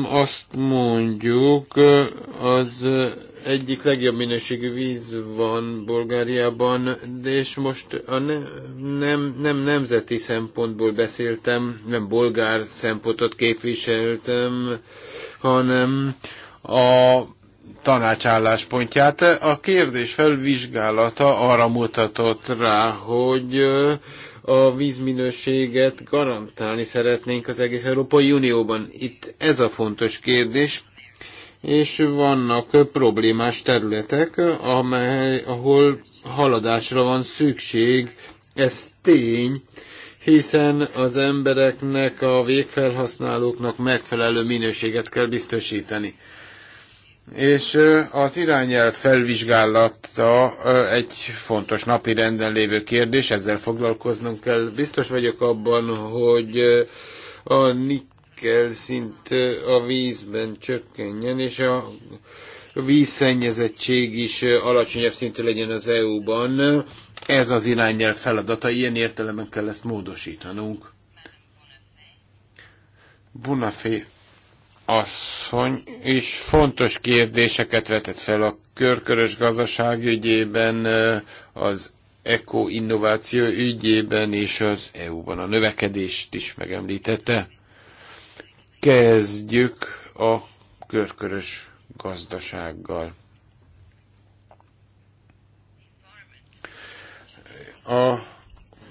azt mondjuk, az egyik legjobb minőségű víz van Bulgáriában, de és most a ne, nem, nem nemzeti szempontból beszéltem, nem bolgár szempontot képviseltem, hanem a tanácsálláspontját. A kérdés felvizsgálata arra mutatott rá, hogy a vízminőséget garantálni szeretnénk az egész Európai Unióban. Itt ez a fontos kérdés, és vannak problémás területek, amely, ahol haladásra van szükség, ez tény, hiszen az embereknek, a végfelhasználóknak megfelelő minőséget kell biztosítani és az irányelv felvizsgálata egy fontos napi renden lévő kérdés, ezzel foglalkoznunk kell. Biztos vagyok abban, hogy a nikkel szint a vízben csökkenjen, és a vízszennyezettség is alacsonyabb szintű legyen az EU-ban. Ez az irányelv feladata, ilyen értelemben kell ezt módosítanunk. Bonafé asszony is fontos kérdéseket vetett fel a körkörös gazdaság ügyében, eh, az eko innováció ügyében és az EU-ban a növekedést is megemlítette. Kezdjük a körkörös gazdasággal. A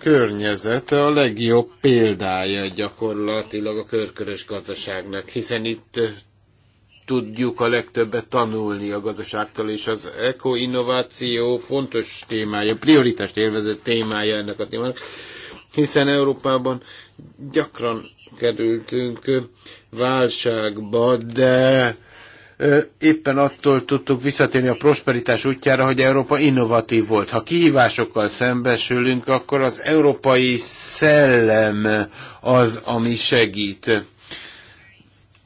környezete a legjobb példája gyakorlatilag a körkörös gazdaságnak, hiszen itt tudjuk a legtöbbet tanulni a gazdaságtól, és az eko-innováció fontos témája, prioritást élvező témája ennek a témának, hiszen Európában gyakran kerültünk válságba, de éppen attól tudtuk visszatérni a prosperitás útjára, hogy Európa innovatív volt. Ha kihívásokkal szembesülünk, akkor az európai szellem az, ami segít.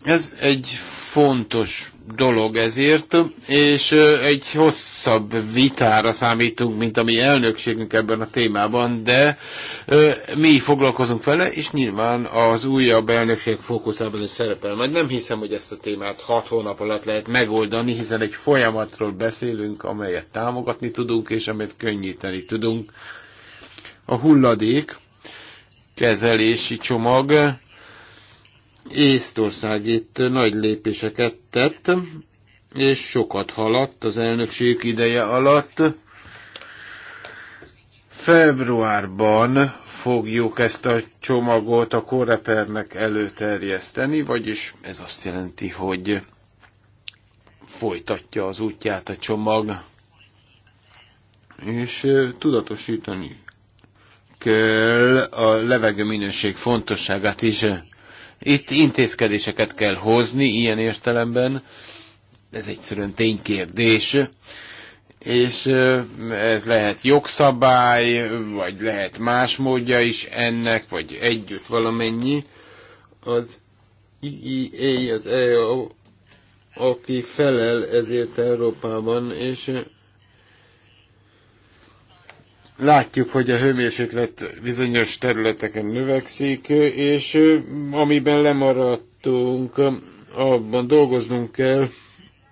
Ez egy fontos dolog ezért, és egy hosszabb vitára számítunk, mint ami elnökségünk ebben a témában, de mi foglalkozunk vele, és nyilván az újabb elnökség fókuszában is szerepel. Majd nem hiszem, hogy ezt a témát hat hónap alatt lehet megoldani, hiszen egy folyamatról beszélünk, amelyet támogatni tudunk, és amelyet könnyíteni tudunk. A hulladék kezelési csomag Észtország itt nagy lépéseket tett, és sokat haladt az elnökség ideje alatt. Februárban fogjuk ezt a csomagot a korepernek előterjeszteni, vagyis ez azt jelenti, hogy folytatja az útját a csomag, és tudatosítani kell a levegő minőség fontosságát is. Itt intézkedéseket kell hozni ilyen értelemben, ez egyszerűen ténykérdés, és ez lehet jogszabály, vagy lehet más módja is ennek, vagy együtt valamennyi. Az IIA, az EA, aki felel ezért Európában, és Látjuk, hogy a hőmérséklet bizonyos területeken növekszik, és amiben lemaradtunk, abban dolgoznunk kell,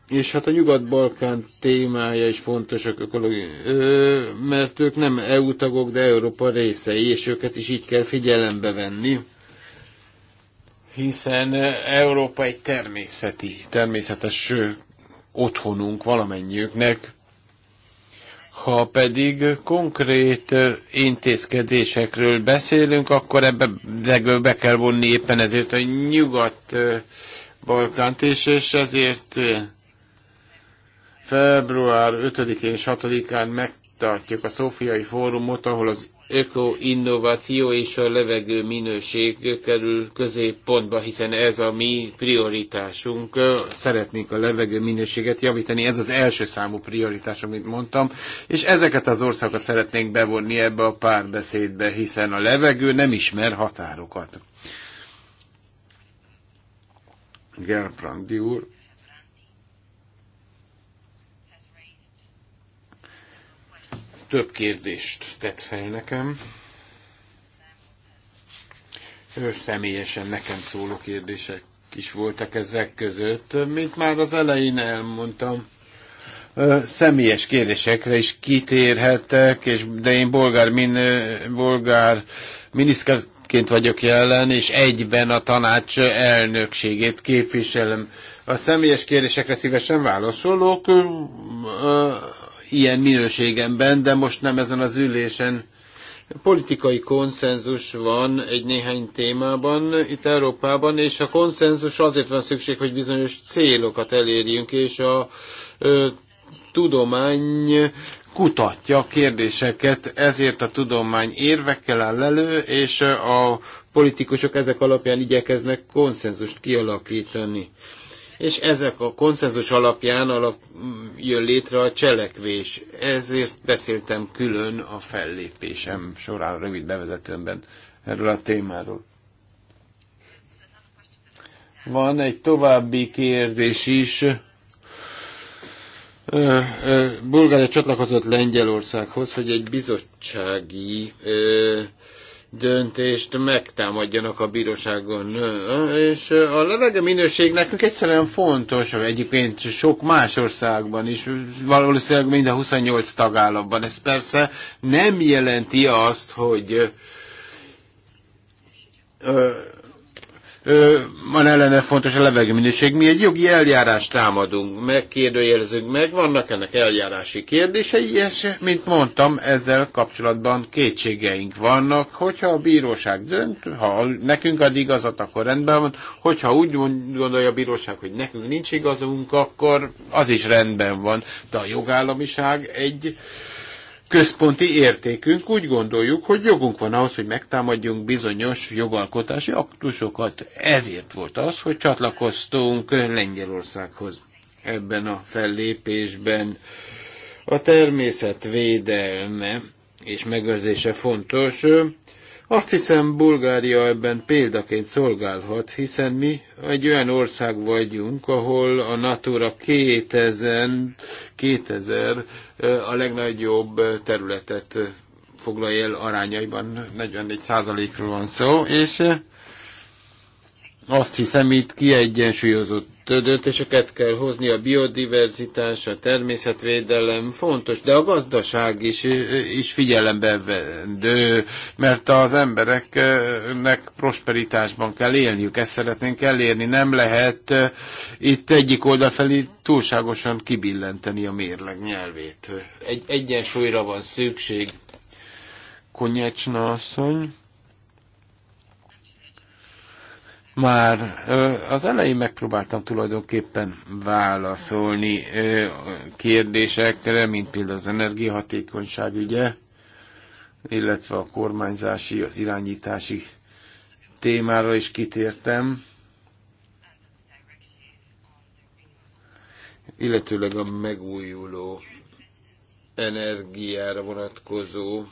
és hát a Nyugat-Balkán témája is fontos, mert ők nem EU tagok, de Európa részei, és őket is így kell figyelembe venni, hiszen Európa egy természeti, természetes otthonunk valamennyiüknek, ha pedig konkrét intézkedésekről beszélünk, akkor ebbe legőbb be kell vonni éppen ezért a nyugat-balkánt is, és ezért február 5-én és 6-án megtartjuk a Szófiai Fórumot, ahol az ökoinnováció és a levegő minőség kerül középpontba, hiszen ez a mi prioritásunk. Szeretnénk a levegő minőséget javítani, ez az első számú prioritás, amit mondtam, és ezeket az országokat szeretnénk bevonni ebbe a párbeszédbe, hiszen a levegő nem ismer határokat. Gerprandi úr több kérdést tett fel nekem. Ő személyesen nekem szóló kérdések is voltak ezek között, mint már az elején elmondtam. Személyes kérdésekre is kitérhetek, és de én bolgár, min, bolgár miniszterként vagyok jelen, és egyben a tanács elnökségét képviselem. A személyes kérdésekre szívesen válaszolok ilyen minőségemben, de most nem ezen az ülésen. Politikai konszenzus van egy néhány témában itt Európában, és a konszenzus azért van szükség, hogy bizonyos célokat elérjünk, és a ö, tudomány kutatja a kérdéseket, ezért a tudomány érvekkel áll elő, és a politikusok ezek alapján igyekeznek konszenzust kialakítani és ezek a konszenzus alapján alap, jön létre a cselekvés. Ezért beszéltem külön a fellépésem során, a rövid bevezetőmben erről a témáról. Van egy további kérdés is. Bulgária csatlakozott Lengyelországhoz, hogy egy bizottsági döntést megtámadjanak a bíróságon. És a levegő minőség nekünk egyszerűen fontos, egyébként sok más országban is, valószínűleg minden 28 tagállamban. Ez persze nem jelenti azt, hogy van ellene fontos a levegőminőség. Mi egy jogi eljárást támadunk, megkérdőjelezünk meg, vannak ennek eljárási kérdései, és mint mondtam, ezzel kapcsolatban kétségeink vannak. Hogyha a bíróság dönt, ha nekünk ad igazat, akkor rendben van. Hogyha úgy gondolja a bíróság, hogy nekünk nincs igazunk, akkor az is rendben van. De a jogállamiság egy központi értékünk, úgy gondoljuk, hogy jogunk van ahhoz, hogy megtámadjunk bizonyos jogalkotási aktusokat. Ezért volt az, hogy csatlakoztunk Lengyelországhoz ebben a fellépésben. A természetvédelme és megőrzése fontos. Azt hiszem, Bulgária ebben példaként szolgálhat, hiszen mi egy olyan ország vagyunk, ahol a Natura 2000, 2000 a legnagyobb területet foglalja el arányaiban, 44%-ról van szó, és azt hiszem itt kiegyensúlyozott döntéseket kell hozni, a biodiverzitás, a természetvédelem fontos, de a gazdaság is, is figyelembe vendő, mert az embereknek prosperitásban kell élniük, ezt szeretnénk elérni, nem lehet itt egyik oldal felé túlságosan kibillenteni a mérleg nyelvét. Egy egyensúlyra van szükség. Konyecsna asszony. Már az elején megpróbáltam tulajdonképpen válaszolni kérdésekre, mint például az energiahatékonyság ügye, illetve a kormányzási, az irányítási témára is kitértem, illetőleg a megújuló energiára vonatkozó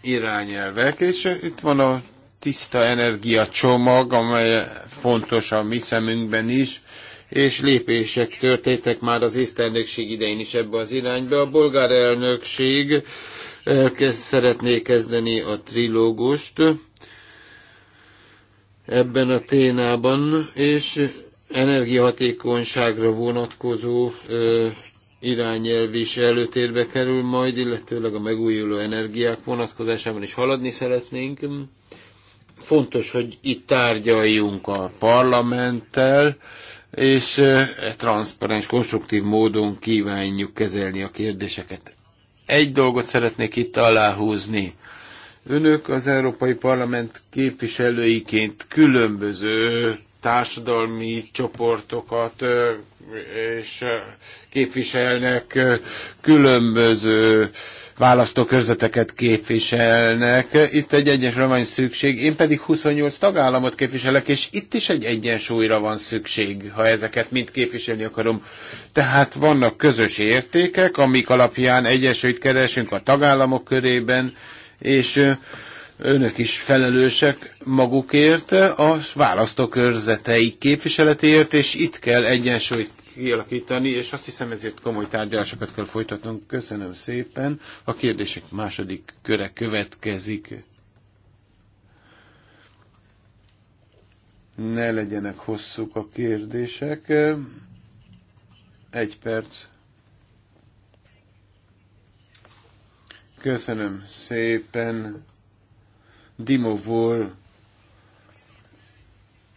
irányelvek, és itt van a tiszta energiacsomag, amely fontos a mi szemünkben is, és lépések történtek már az észtelnökség idején is ebbe az irányba. A bolgár elnökség elkezd, eh, szeretné kezdeni a trilógust ebben a ténában, és energiahatékonyságra vonatkozó ö, eh, irányelv is előtérbe kerül majd, illetőleg a megújuló energiák vonatkozásában is haladni szeretnénk. Fontos, hogy itt tárgyaljunk a parlamenttel, és e transzparens, konstruktív módon kívánjuk kezelni a kérdéseket. Egy dolgot szeretnék itt aláhúzni. Önök az Európai Parlament képviselőiként különböző társadalmi csoportokat és képviselnek különböző választókörzeteket képviselnek. Itt egy egyensúlyra van szükség, én pedig 28 tagállamot képviselek, és itt is egy egyensúlyra van szükség, ha ezeket mind képviselni akarom. Tehát vannak közös értékek, amik alapján egyensúlyt keresünk a tagállamok körében, és önök is felelősek magukért, a választókörzeteik képviseletéért, és itt kell egyensúlyt kialakítani, és azt hiszem ezért komoly tárgyalásokat kell folytatnunk. Köszönöm szépen. A kérdések második köre következik. Ne legyenek hosszúk a kérdések. Egy perc. Köszönöm szépen. Dimovol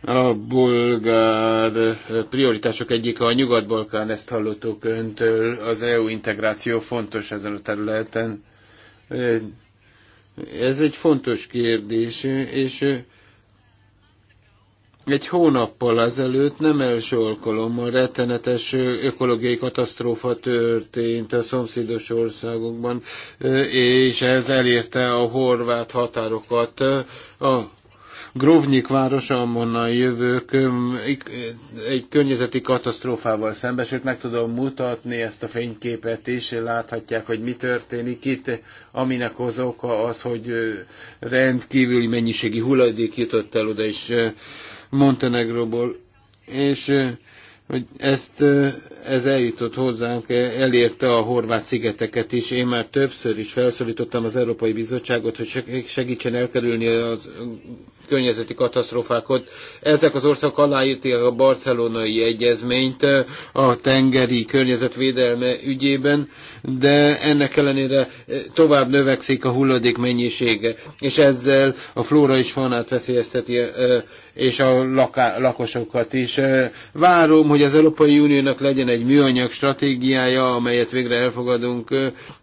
a bulgár prioritások egyik a Nyugat-Balkán, ezt hallottuk öntől, az EU integráció fontos ezen a területen. Ez egy fontos kérdés, és egy hónappal ezelőtt nem első alkalommal rettenetes ökológiai katasztrófa történt a szomszédos országokban, és ez elérte a horvát határokat. A Grovnyik városa, ahonnan jövök, egy környezeti katasztrófával szembesült, meg tudom mutatni ezt a fényképet is, láthatják, hogy mi történik itt, aminek az oka az, hogy rendkívüli mennyiségi hulladék jutott el oda is Montenegróból, és hogy ezt, ez eljutott hozzánk, elérte a horvát szigeteket is. Én már többször is felszólítottam az Európai Bizottságot, hogy segítsen elkerülni az környezeti katasztrófákat. Ezek az országok aláírták a barcelonai egyezményt eh, a tengeri környezetvédelme ügyében, de ennek ellenére eh, tovább növekszik a hulladék mennyisége, és ezzel a flóra és faunát veszélyezteti eh, és a laká- lakosokat is. Várom, hogy az Európai Uniónak legyen egy műanyag stratégiája, amelyet végre elfogadunk.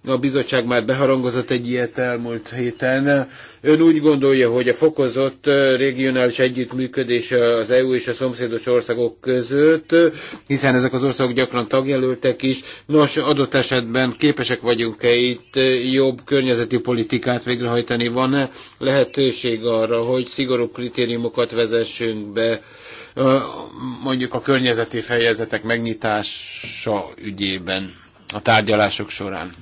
A bizottság már beharangozott egy ilyet elmúlt héten. Ön úgy gondolja, hogy a fokozott regionális együttműködés az EU és a szomszédos országok között, hiszen ezek az országok gyakran tagjelöltek is, nos, adott esetben képesek vagyunk-e itt jobb környezeti politikát végrehajtani? Van-e lehetőség arra, hogy szigorú kritériumokat vezessünk be, mondjuk a környezeti fejezetek megnyitása ügyében a tárgyalások során.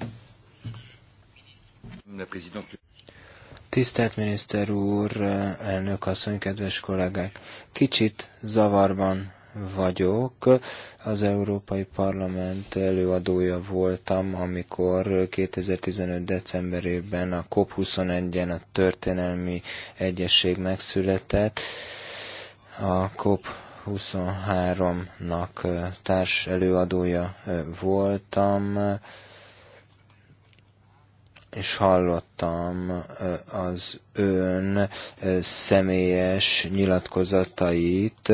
Tisztelt miniszter úr, elnök asszony, kedves kollégák! Kicsit zavarban vagyok. Az Európai Parlament előadója voltam, amikor 2015. decemberében a COP21-en a történelmi egyesség megszületett. A COP 23-nak társ előadója voltam és hallottam az ön személyes nyilatkozatait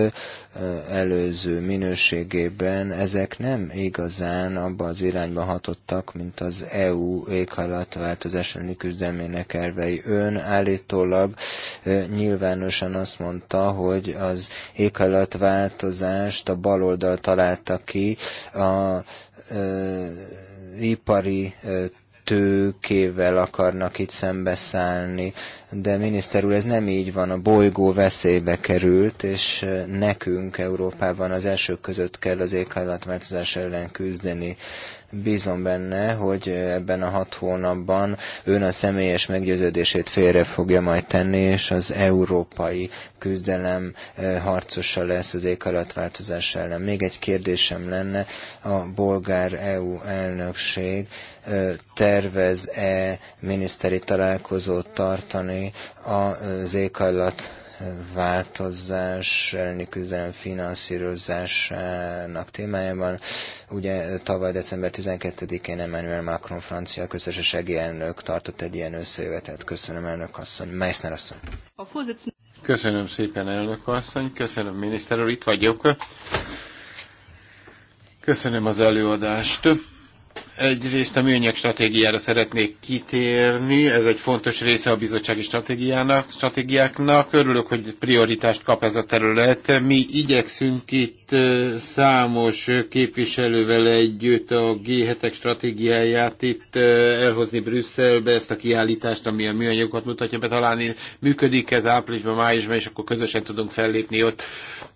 előző minőségében, ezek nem igazán abba az irányba hatottak, mint az EU éghajlatváltozás elleni küzdelmének elvei. Ön állítólag nyilvánosan azt mondta, hogy az éghajlatváltozást a baloldal találta ki, a ipari tőkével akarnak itt szembeszállni, de miniszter úr, ez nem így van, a bolygó veszélybe került, és eh, nekünk Európában az elsők között kell az éghajlatváltozás ellen küzdeni. Bízom benne, hogy eh, ebben a hat hónapban ön a személyes meggyőződését félre fogja majd tenni, és az európai küzdelem eh, harcosa lesz az éghajlatváltozás ellen. Még egy kérdésem lenne, a bolgár EU elnökség tervez-e miniszteri találkozót tartani az éghajlat változás elleni küzdelem finanszírozásának témájában. Ugye tavaly december 12-én Emmanuel Macron francia közösségi elnök tartott egy ilyen összejövetet. Köszönöm elnök asszony. Meissner asszony. Köszönöm szépen elnök asszony, köszönöm miniszter úr, itt vagyok. Köszönöm az előadást. Egyrészt a műanyag stratégiára szeretnék kitérni, ez egy fontos része a bizottsági stratégiának, stratégiáknak. Örülök, hogy prioritást kap ez a terület. Mi igyekszünk itt számos képviselővel együtt a g 7 stratégiáját itt elhozni Brüsszelbe, ezt a kiállítást, ami a műanyagokat mutatja be, talán működik ez áprilisban, májusban, és akkor közösen tudunk fellépni ott.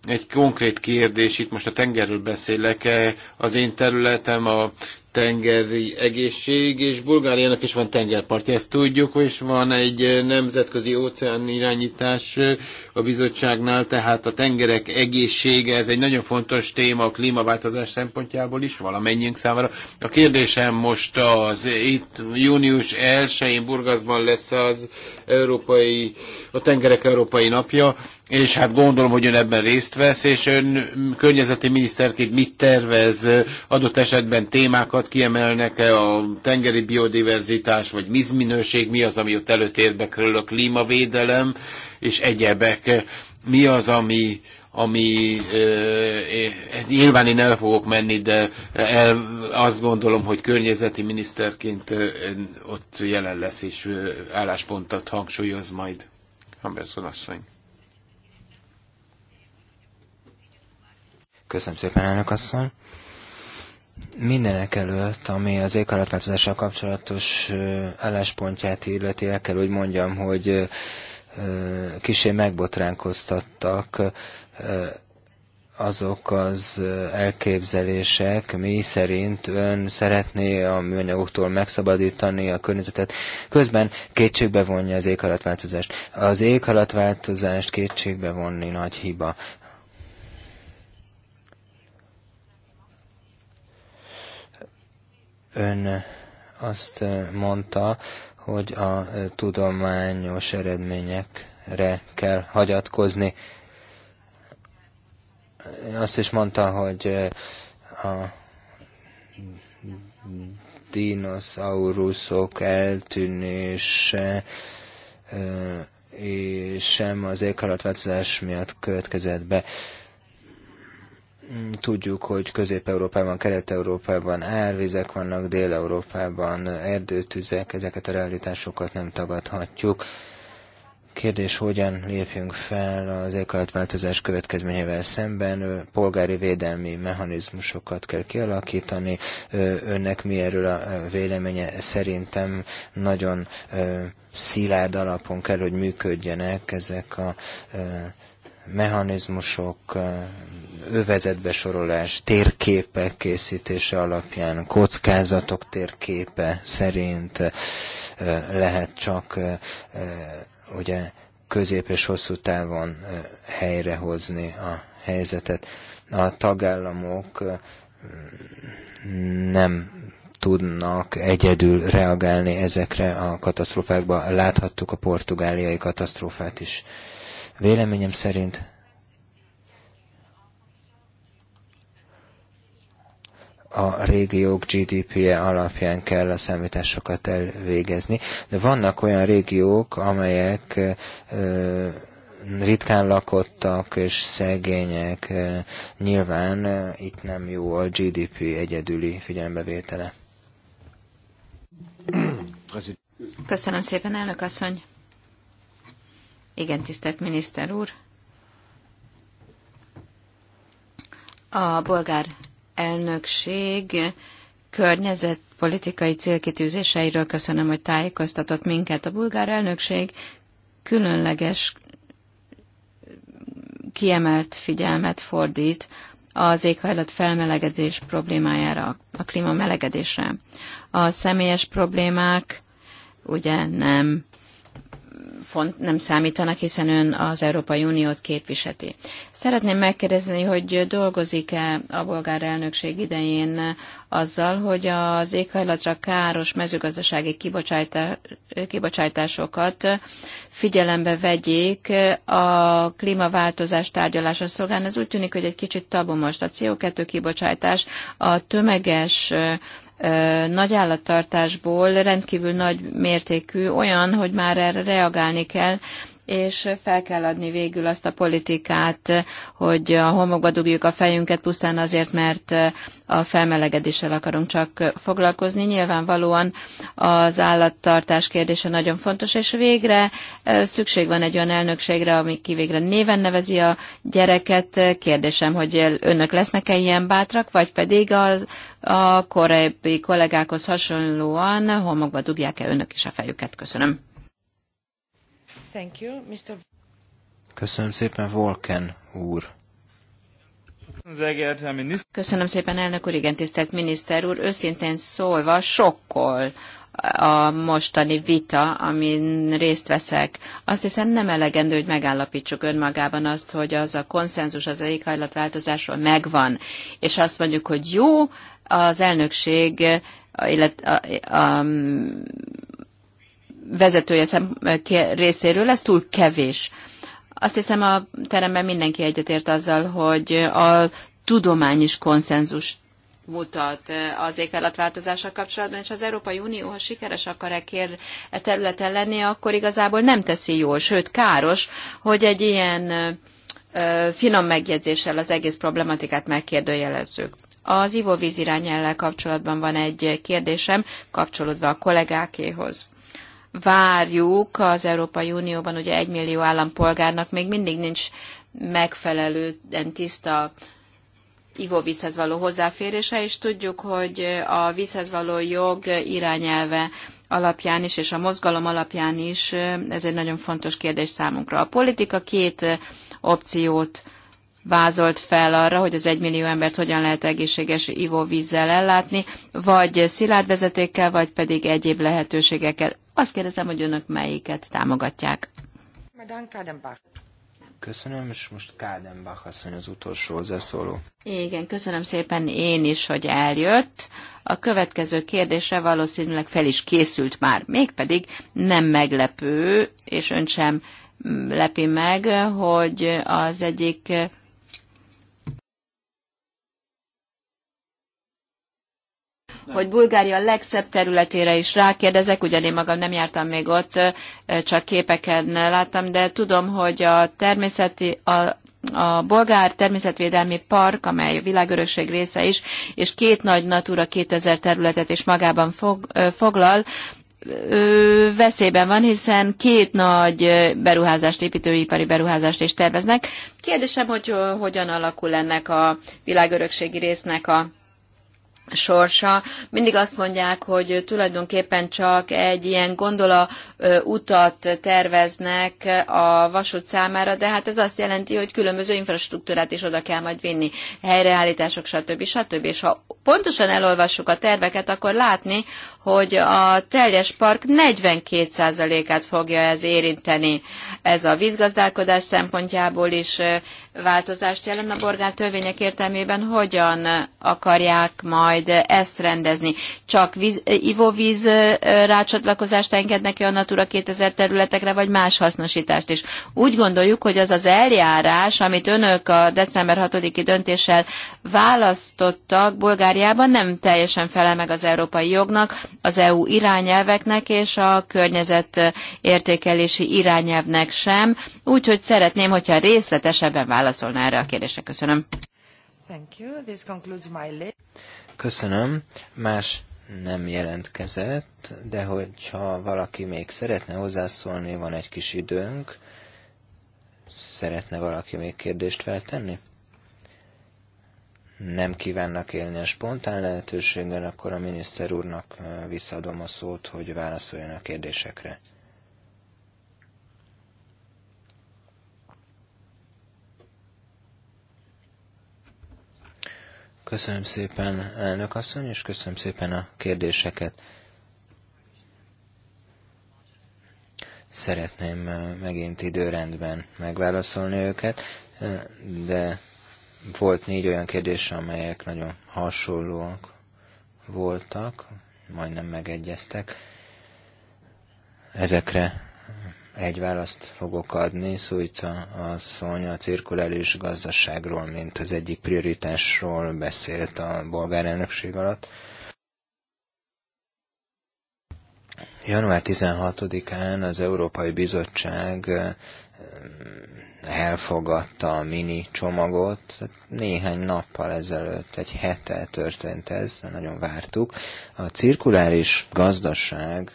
Egy konkrét kérdés, itt most a tengerről beszélek, az én területem a tengeri egészség, és Bulgáriának is van tengerparti, ezt tudjuk, és van egy eh, nemzetközi óceán irányítás eh, a bizottságnál, tehát a tengerek egészsége, ez egy nagyon fontos téma a klímaváltozás szempontjából is valamennyiünk számára. A kérdésem most az, eh, itt június 1-én Burgaszban lesz az európai, a tengerek európai napja, és hát gondolom, hogy ön ebben részt vesz, és ön környezeti miniszterként mit tervez, adott esetben témákat kiemelnek -e a tengeri biodiverzitás, vagy mizminőség, mi az, ami ott előtérbe kerül, a klímavédelem, és egyebek, mi az, ami ami e, nyilván én el fogok menni, de el, azt gondolom, hogy környezeti miniszterként e, ott jelen lesz, és e, álláspontot hangsúlyoz majd. Hamerson asszony. Köszönöm szépen, elnök asszony. Mindenek előtt, ami az éghajlatváltozással kapcsolatos álláspontját illeti, el kell, hogy mondjam, hogy kisé megbotránkoztattak azok az elképzelések, mi szerint ön szeretné a műanyagoktól megszabadítani a környezetet, közben kétségbe vonja az éghajlatváltozást. Az éghajlatváltozást kétségbe vonni nagy hiba. Ön azt mondta, hogy a tudományos eredményekre kell hagyatkozni. Azt is mondta, hogy a dinoszauruszok eltűnése és sem az éghajlatváltozás miatt következett be. Tudjuk, hogy Közép-Európában, Kelet-Európában árvizek vannak, Dél-Európában erdőtüzek, ezeket a realitásokat nem tagadhatjuk. Kérdés, hogyan lépjünk fel az éghajlatváltozás következményével szemben, polgári védelmi mechanizmusokat kell kialakítani. Önnek mi erről a véleménye? Szerintem nagyon szilárd alapon kell, hogy működjenek ezek a mechanizmusok, övezetbe sorolás, térképek készítése alapján, kockázatok térképe szerint lehet csak ugye közép és hosszú távon helyrehozni a helyzetet. A tagállamok nem tudnak egyedül reagálni ezekre a katasztrófákba. Láthattuk a portugáliai katasztrófát is. Véleményem szerint a régiók GDP-je alapján kell a számításokat elvégezni, de vannak olyan régiók, amelyek ritkán lakottak és szegények, nyilván itt nem jó a GDP egyedüli figyelembevétele. Köszönöm szépen, elnök asszony. Igen, tisztelt miniszter úr. A bolgár elnökség környezetpolitikai célkitűzéseiről köszönöm, hogy tájékoztatott minket. A bulgár elnökség különleges kiemelt figyelmet fordít az éghajlat felmelegedés problémájára, a klíma melegedésre. A személyes problémák ugye nem font, nem számítanak, hiszen ön az Európai Uniót képviseti. Szeretném megkérdezni, hogy dolgozik-e a bolgár elnökség idején azzal, hogy az éghajlatra káros mezőgazdasági kibocsátásokat figyelembe vegyék a klímaváltozás tárgyalása szolgán. Ez úgy tűnik, hogy egy kicsit tabu most a CO2 kibocsátás, a tömeges nagy állattartásból rendkívül nagy mértékű olyan, hogy már erre reagálni kell, és fel kell adni végül azt a politikát, hogy a homokba dugjuk a fejünket pusztán azért, mert a felmelegedéssel akarunk csak foglalkozni. Nyilvánvalóan az állattartás kérdése nagyon fontos, és végre szükség van egy olyan elnökségre, ami kivégre néven nevezi a gyereket. Kérdésem, hogy önök lesznek-e ilyen bátrak, vagy pedig az a korábbi kollégákhoz hasonlóan homokba dugják-e önök is a fejüket? Köszönöm. Thank you, Mr. Köszönöm szépen, Volken úr. Köszönöm szépen, elnök úr, igen, tisztelt miniszter úr. Őszintén szólva sokkol a mostani vita, amin részt veszek. Azt hiszem nem elegendő, hogy megállapítsuk önmagában azt, hogy az a konszenzus az éghajlatváltozásról megvan, és azt mondjuk, hogy jó, az elnökség illet, a, a vezetője szem, részéről, ez túl kevés. Azt hiszem a teremben mindenki egyetért azzal, hogy a tudomány is konszenzus mutat eh, az éghajlatváltozással kapcsolatban, és az Európai Unió, ha sikeres akar -e kér e területen lenni, akkor igazából nem teszi jól, sőt káros, hogy egy ilyen eh, finom megjegyzéssel az egész problematikát megkérdőjelezzük. Az ivóvíz irányellel kapcsolatban van egy kérdésem, kapcsolódva a kollégákéhoz. Várjuk az Európai Unióban, ugye egy millió állampolgárnak még mindig nincs megfelelően tiszta ivóvízhez való hozzáférése, és tudjuk, hogy a vízhez való jog irányelve alapján is, és a mozgalom alapján is ez egy nagyon fontos kérdés számunkra. A politika két opciót vázolt fel arra, hogy az egymillió embert hogyan lehet egészséges ivóvízzel ellátni, vagy szilárd vezetékkel, vagy pedig egyéb lehetőségekkel. Azt kérdezem, hogy önök melyiket támogatják. Köszönöm, és most Kádenbach asszony az utolsó hozzászóló. Igen, köszönöm szépen én is, hogy eljött. A következő kérdésre valószínűleg fel is készült már, mégpedig nem meglepő, és ön sem lepi meg, hogy az egyik hogy Bulgária legszebb területére is rákérdezek, ugyan én magam nem jártam még ott, csak képeken láttam, de tudom, hogy a természeti, a, a Bolgár Természetvédelmi Park, amely a világörökség része is, és két nagy Natura 2000 területet is magában fog, foglal, veszélyben van, hiszen két nagy beruházást, építőipari beruházást is terveznek. Kérdésem, hogy hogyan alakul ennek a világörökségi résznek a sorsa. Mindig azt mondják, hogy tulajdonképpen csak egy ilyen gondola utat terveznek a vasút számára, de hát ez azt jelenti, hogy különböző infrastruktúrát is oda kell majd vinni, helyreállítások, stb. stb. És ha pontosan elolvassuk a terveket, akkor látni, hogy a teljes park 42%-át fogja ez érinteni. Ez a vízgazdálkodás szempontjából is változást jelent a borgán törvények értelmében, hogyan akarják majd ezt rendezni? Csak víz, ivóvíz rácsatlakozást engednek -e a Natura 2000 területekre, vagy más hasznosítást is? Úgy gondoljuk, hogy az az eljárás, amit önök a december 6-i döntéssel választottak Bulgáriában nem teljesen felel meg az európai jognak, az EU irányelveknek és a környezet értékelési irányelvnek sem, úgyhogy szeretném, hogyha részletesebben válaszolná erre a kérdésre. Köszönöm. Thank you. This concludes my Köszönöm. Más nem jelentkezett, de hogyha valaki még szeretne hozzászólni, van egy kis időnk. Szeretne valaki még kérdést feltenni? nem kívánnak élni a spontán lehetőséggel, akkor a miniszter úrnak visszaadom a szót, hogy válaszoljon a kérdésekre. Köszönöm szépen, elnök asszony, és köszönöm szépen a kérdéseket. Szeretném megint időrendben megválaszolni őket, de volt négy olyan kérdés, amelyek nagyon hasonlóak voltak, majdnem megegyeztek. Ezekre egy választ fogok adni. Szújca asszony a cirkulális gazdaságról, mint az egyik prioritásról beszélt a bolgár elnökség alatt. Január 16-án az Európai Bizottság elfogadta a mini csomagot, néhány nappal ezelőtt, egy hete történt ez, nagyon vártuk. A cirkuláris gazdaság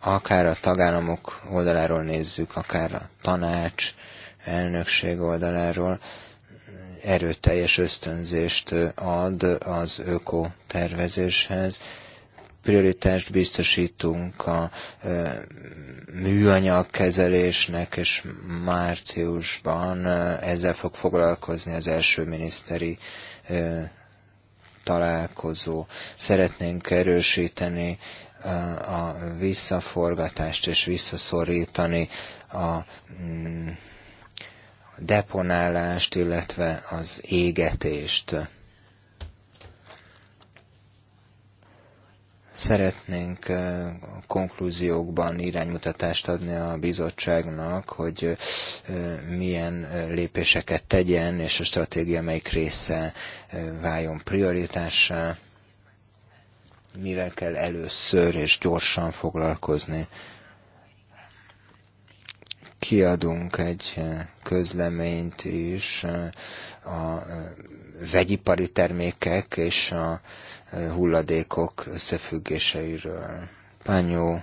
akár a tagállamok oldaláról nézzük, akár a tanács, elnökség oldaláról erőteljes ösztönzést ad az öko tervezéshez, prioritást biztosítunk a műanyag kezelésnek, és márciusban ezzel fog foglalkozni az első miniszteri találkozó. Szeretnénk erősíteni a visszaforgatást és visszaszorítani a mm, deponálást, illetve az égetést. Szeretnénk konklúziókban iránymutatást adni a bizottságnak, hogy milyen lépéseket tegyen, és a stratégia melyik része váljon prioritássá, mivel kell először és gyorsan foglalkozni kiadunk egy közleményt is a vegyipari termékek és a hulladékok összefüggéseiről. Pányó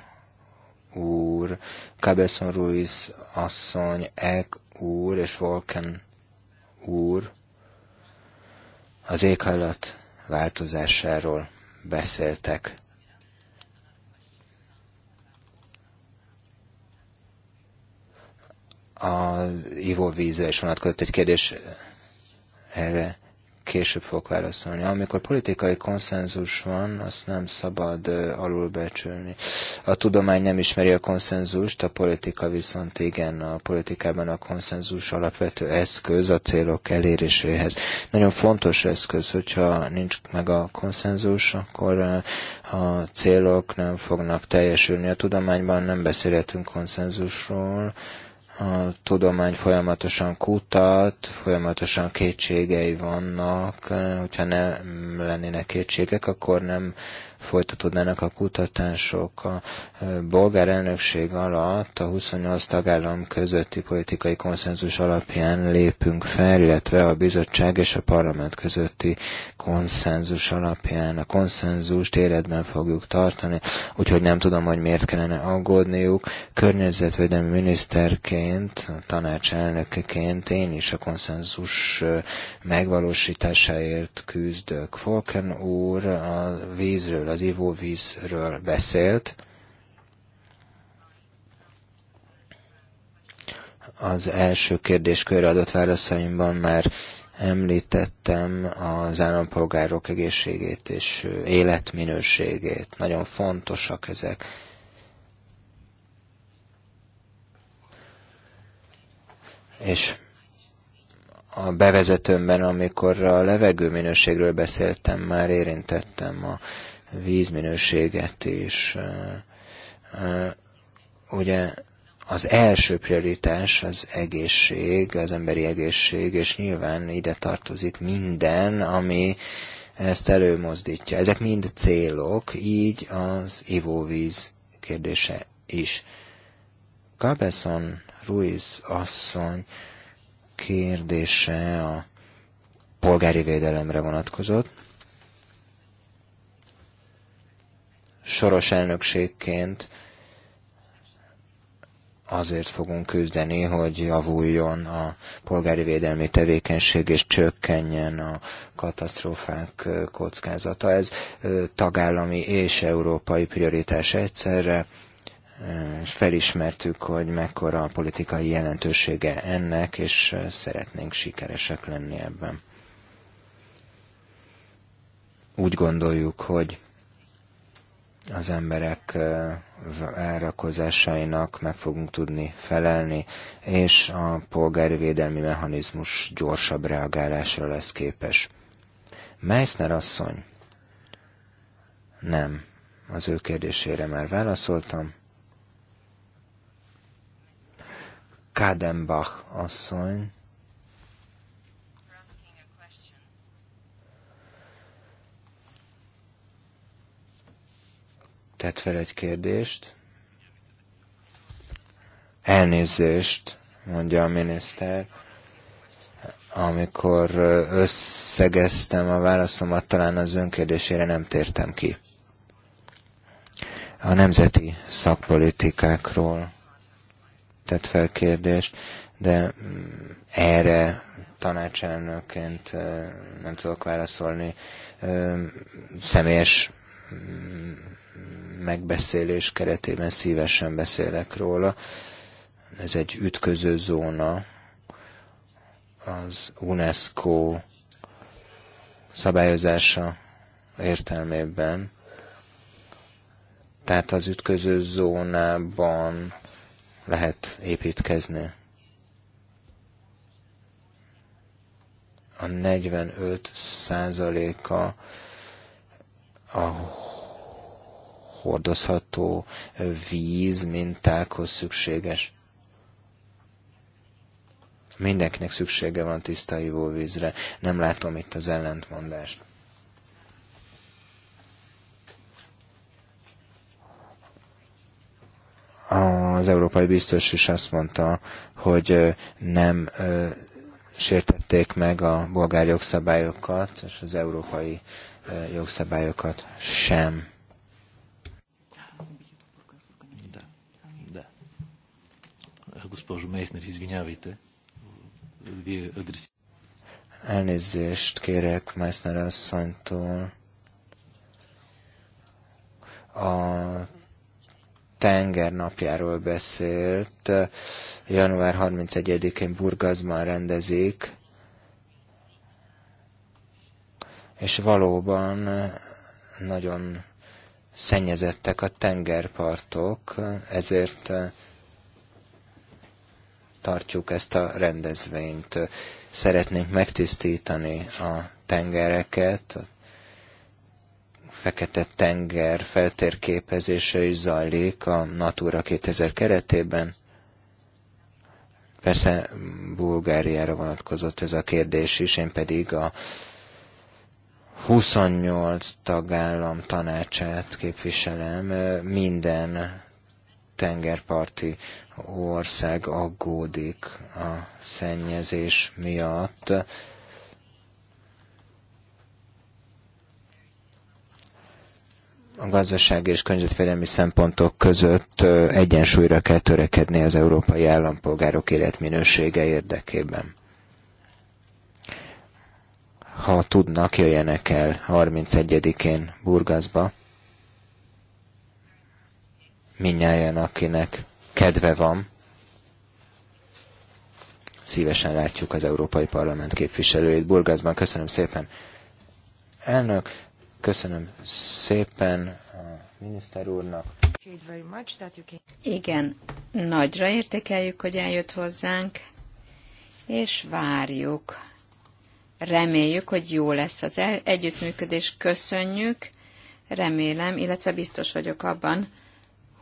úr, Cabezon Ruiz asszony, Ek úr és Volken úr az éghajlat változásáról beszéltek. Az ivóvízre is vonatkozott egy kérdés erre később fogok válaszolni. Amikor politikai konszenzus van, azt nem szabad alulbecsülni. A tudomány nem ismeri a konszenzust, a politika viszont igen, a politikában a konszenzus alapvető eszköz a célok eléréséhez. Nagyon fontos eszköz, hogyha nincs meg a konszenzus, akkor a célok nem fognak teljesülni. A tudományban nem beszélhetünk konszenzusról, a tudomány folyamatosan kutat, folyamatosan kétségei vannak, hogyha nem lennének kétségek, akkor nem folytatódnának a kutatások. A e, bolgár elnökség alatt a 28 tagállam közötti politikai konszenzus alapján lépünk fel, illetve a bizottság és a parlament közötti konszenzus alapján. A konszenzust életben fogjuk tartani, úgyhogy nem tudom, hogy miért kellene aggódniuk. Környezetvédelmi miniszterként, tanácselnökeként én is a konszenzus e, megvalósításáért küzdök. Volken úr a vízről az ivóvízről beszélt. Az első kérdéskörre adott válaszaimban már említettem az állampolgárok egészségét és életminőségét. Nagyon fontosak ezek. És a bevezetőmben, amikor a levegőminőségről beszéltem, már érintettem a vízminőséget és Ugye az első prioritás az egészség, az emberi egészség, és nyilván ide tartozik minden, ami ezt előmozdítja. Ezek mind célok, így az ivóvíz kérdése is. Cabezon Ruiz asszony kérdése a polgári védelemre vonatkozott. soros elnökségként azért fogunk küzdeni, hogy javuljon a polgári védelmi tevékenység, és csökkenjen a katasztrófák kockázata. Ez tagállami és európai prioritás egyszerre, és felismertük, hogy mekkora a politikai jelentősége ennek, és szeretnénk sikeresek lenni ebben. Úgy gondoljuk, hogy az emberek elrakozásainak meg fogunk tudni felelni, és a polgári védelmi mechanizmus gyorsabb reagálásra lesz képes. Meissner asszony? Nem. Az ő kérdésére már válaszoltam. Kadenbach asszony? tett fel egy kérdést. Elnézést, mondja a miniszter. Amikor összegeztem a válaszomat, talán az önkérdésére nem tértem ki. A nemzeti szakpolitikákról tett fel kérdést, de mm, erre tanácselnökként nem tudok válaszolni. Személyes mm, megbeszélés keretében szívesen beszélek róla. Ez egy ütköző zóna az UNESCO szabályozása értelmében. Tehát az ütköző zónában lehet építkezni. A 45 százaléka a hordozható víz mintákhoz szükséges. Mindenkinek szüksége van tiszta ivóvízre. Nem látom itt az ellentmondást. Az európai biztos is azt mondta, hogy nem sértették meg a bolgár jogszabályokat, és az európai jogszabályokat sem. госпожо Мейснер, извинявайте. Вие адресирате. Elnézést kérek Meissner asszonytól. A tenger napjáról beszélt. Január 31-én Burgazban rendezik. És valóban nagyon szennyezettek a tengerpartok, ezért tartjuk ezt a rendezvényt. Szeretnénk megtisztítani a tengereket, a fekete tenger feltérképezése is zajlik a Natura 2000 keretében. Persze Bulgáriára vonatkozott ez a kérdés is, én pedig a 28 tagállam tanácsát képviselem, minden tengerparti ország aggódik a szennyezés miatt. A gazdasági és környezetvédelmi szempontok között egyensúlyra kell törekedni az európai állampolgárok életminősége érdekében ha tudnak, jöjjenek el 31-én Burgaszba minnyáján, akinek kedve van. Szívesen látjuk az Európai Parlament képviselőjét. Burgászban köszönöm szépen. Elnök, köszönöm szépen a miniszter úrnak. Igen, nagyra értékeljük, hogy eljött hozzánk, és várjuk. Reméljük, hogy jó lesz az együttműködés. Köszönjük, remélem, illetve biztos vagyok abban,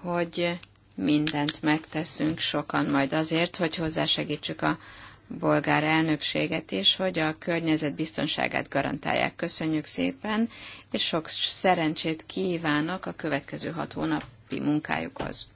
hogy mindent megteszünk sokan majd azért, hogy hozzásegítsük a bolgár elnökséget is, hogy a környezet biztonságát garantálják. Köszönjük szépen, és sok szerencsét kívánok a következő hat hónapi munkájukhoz.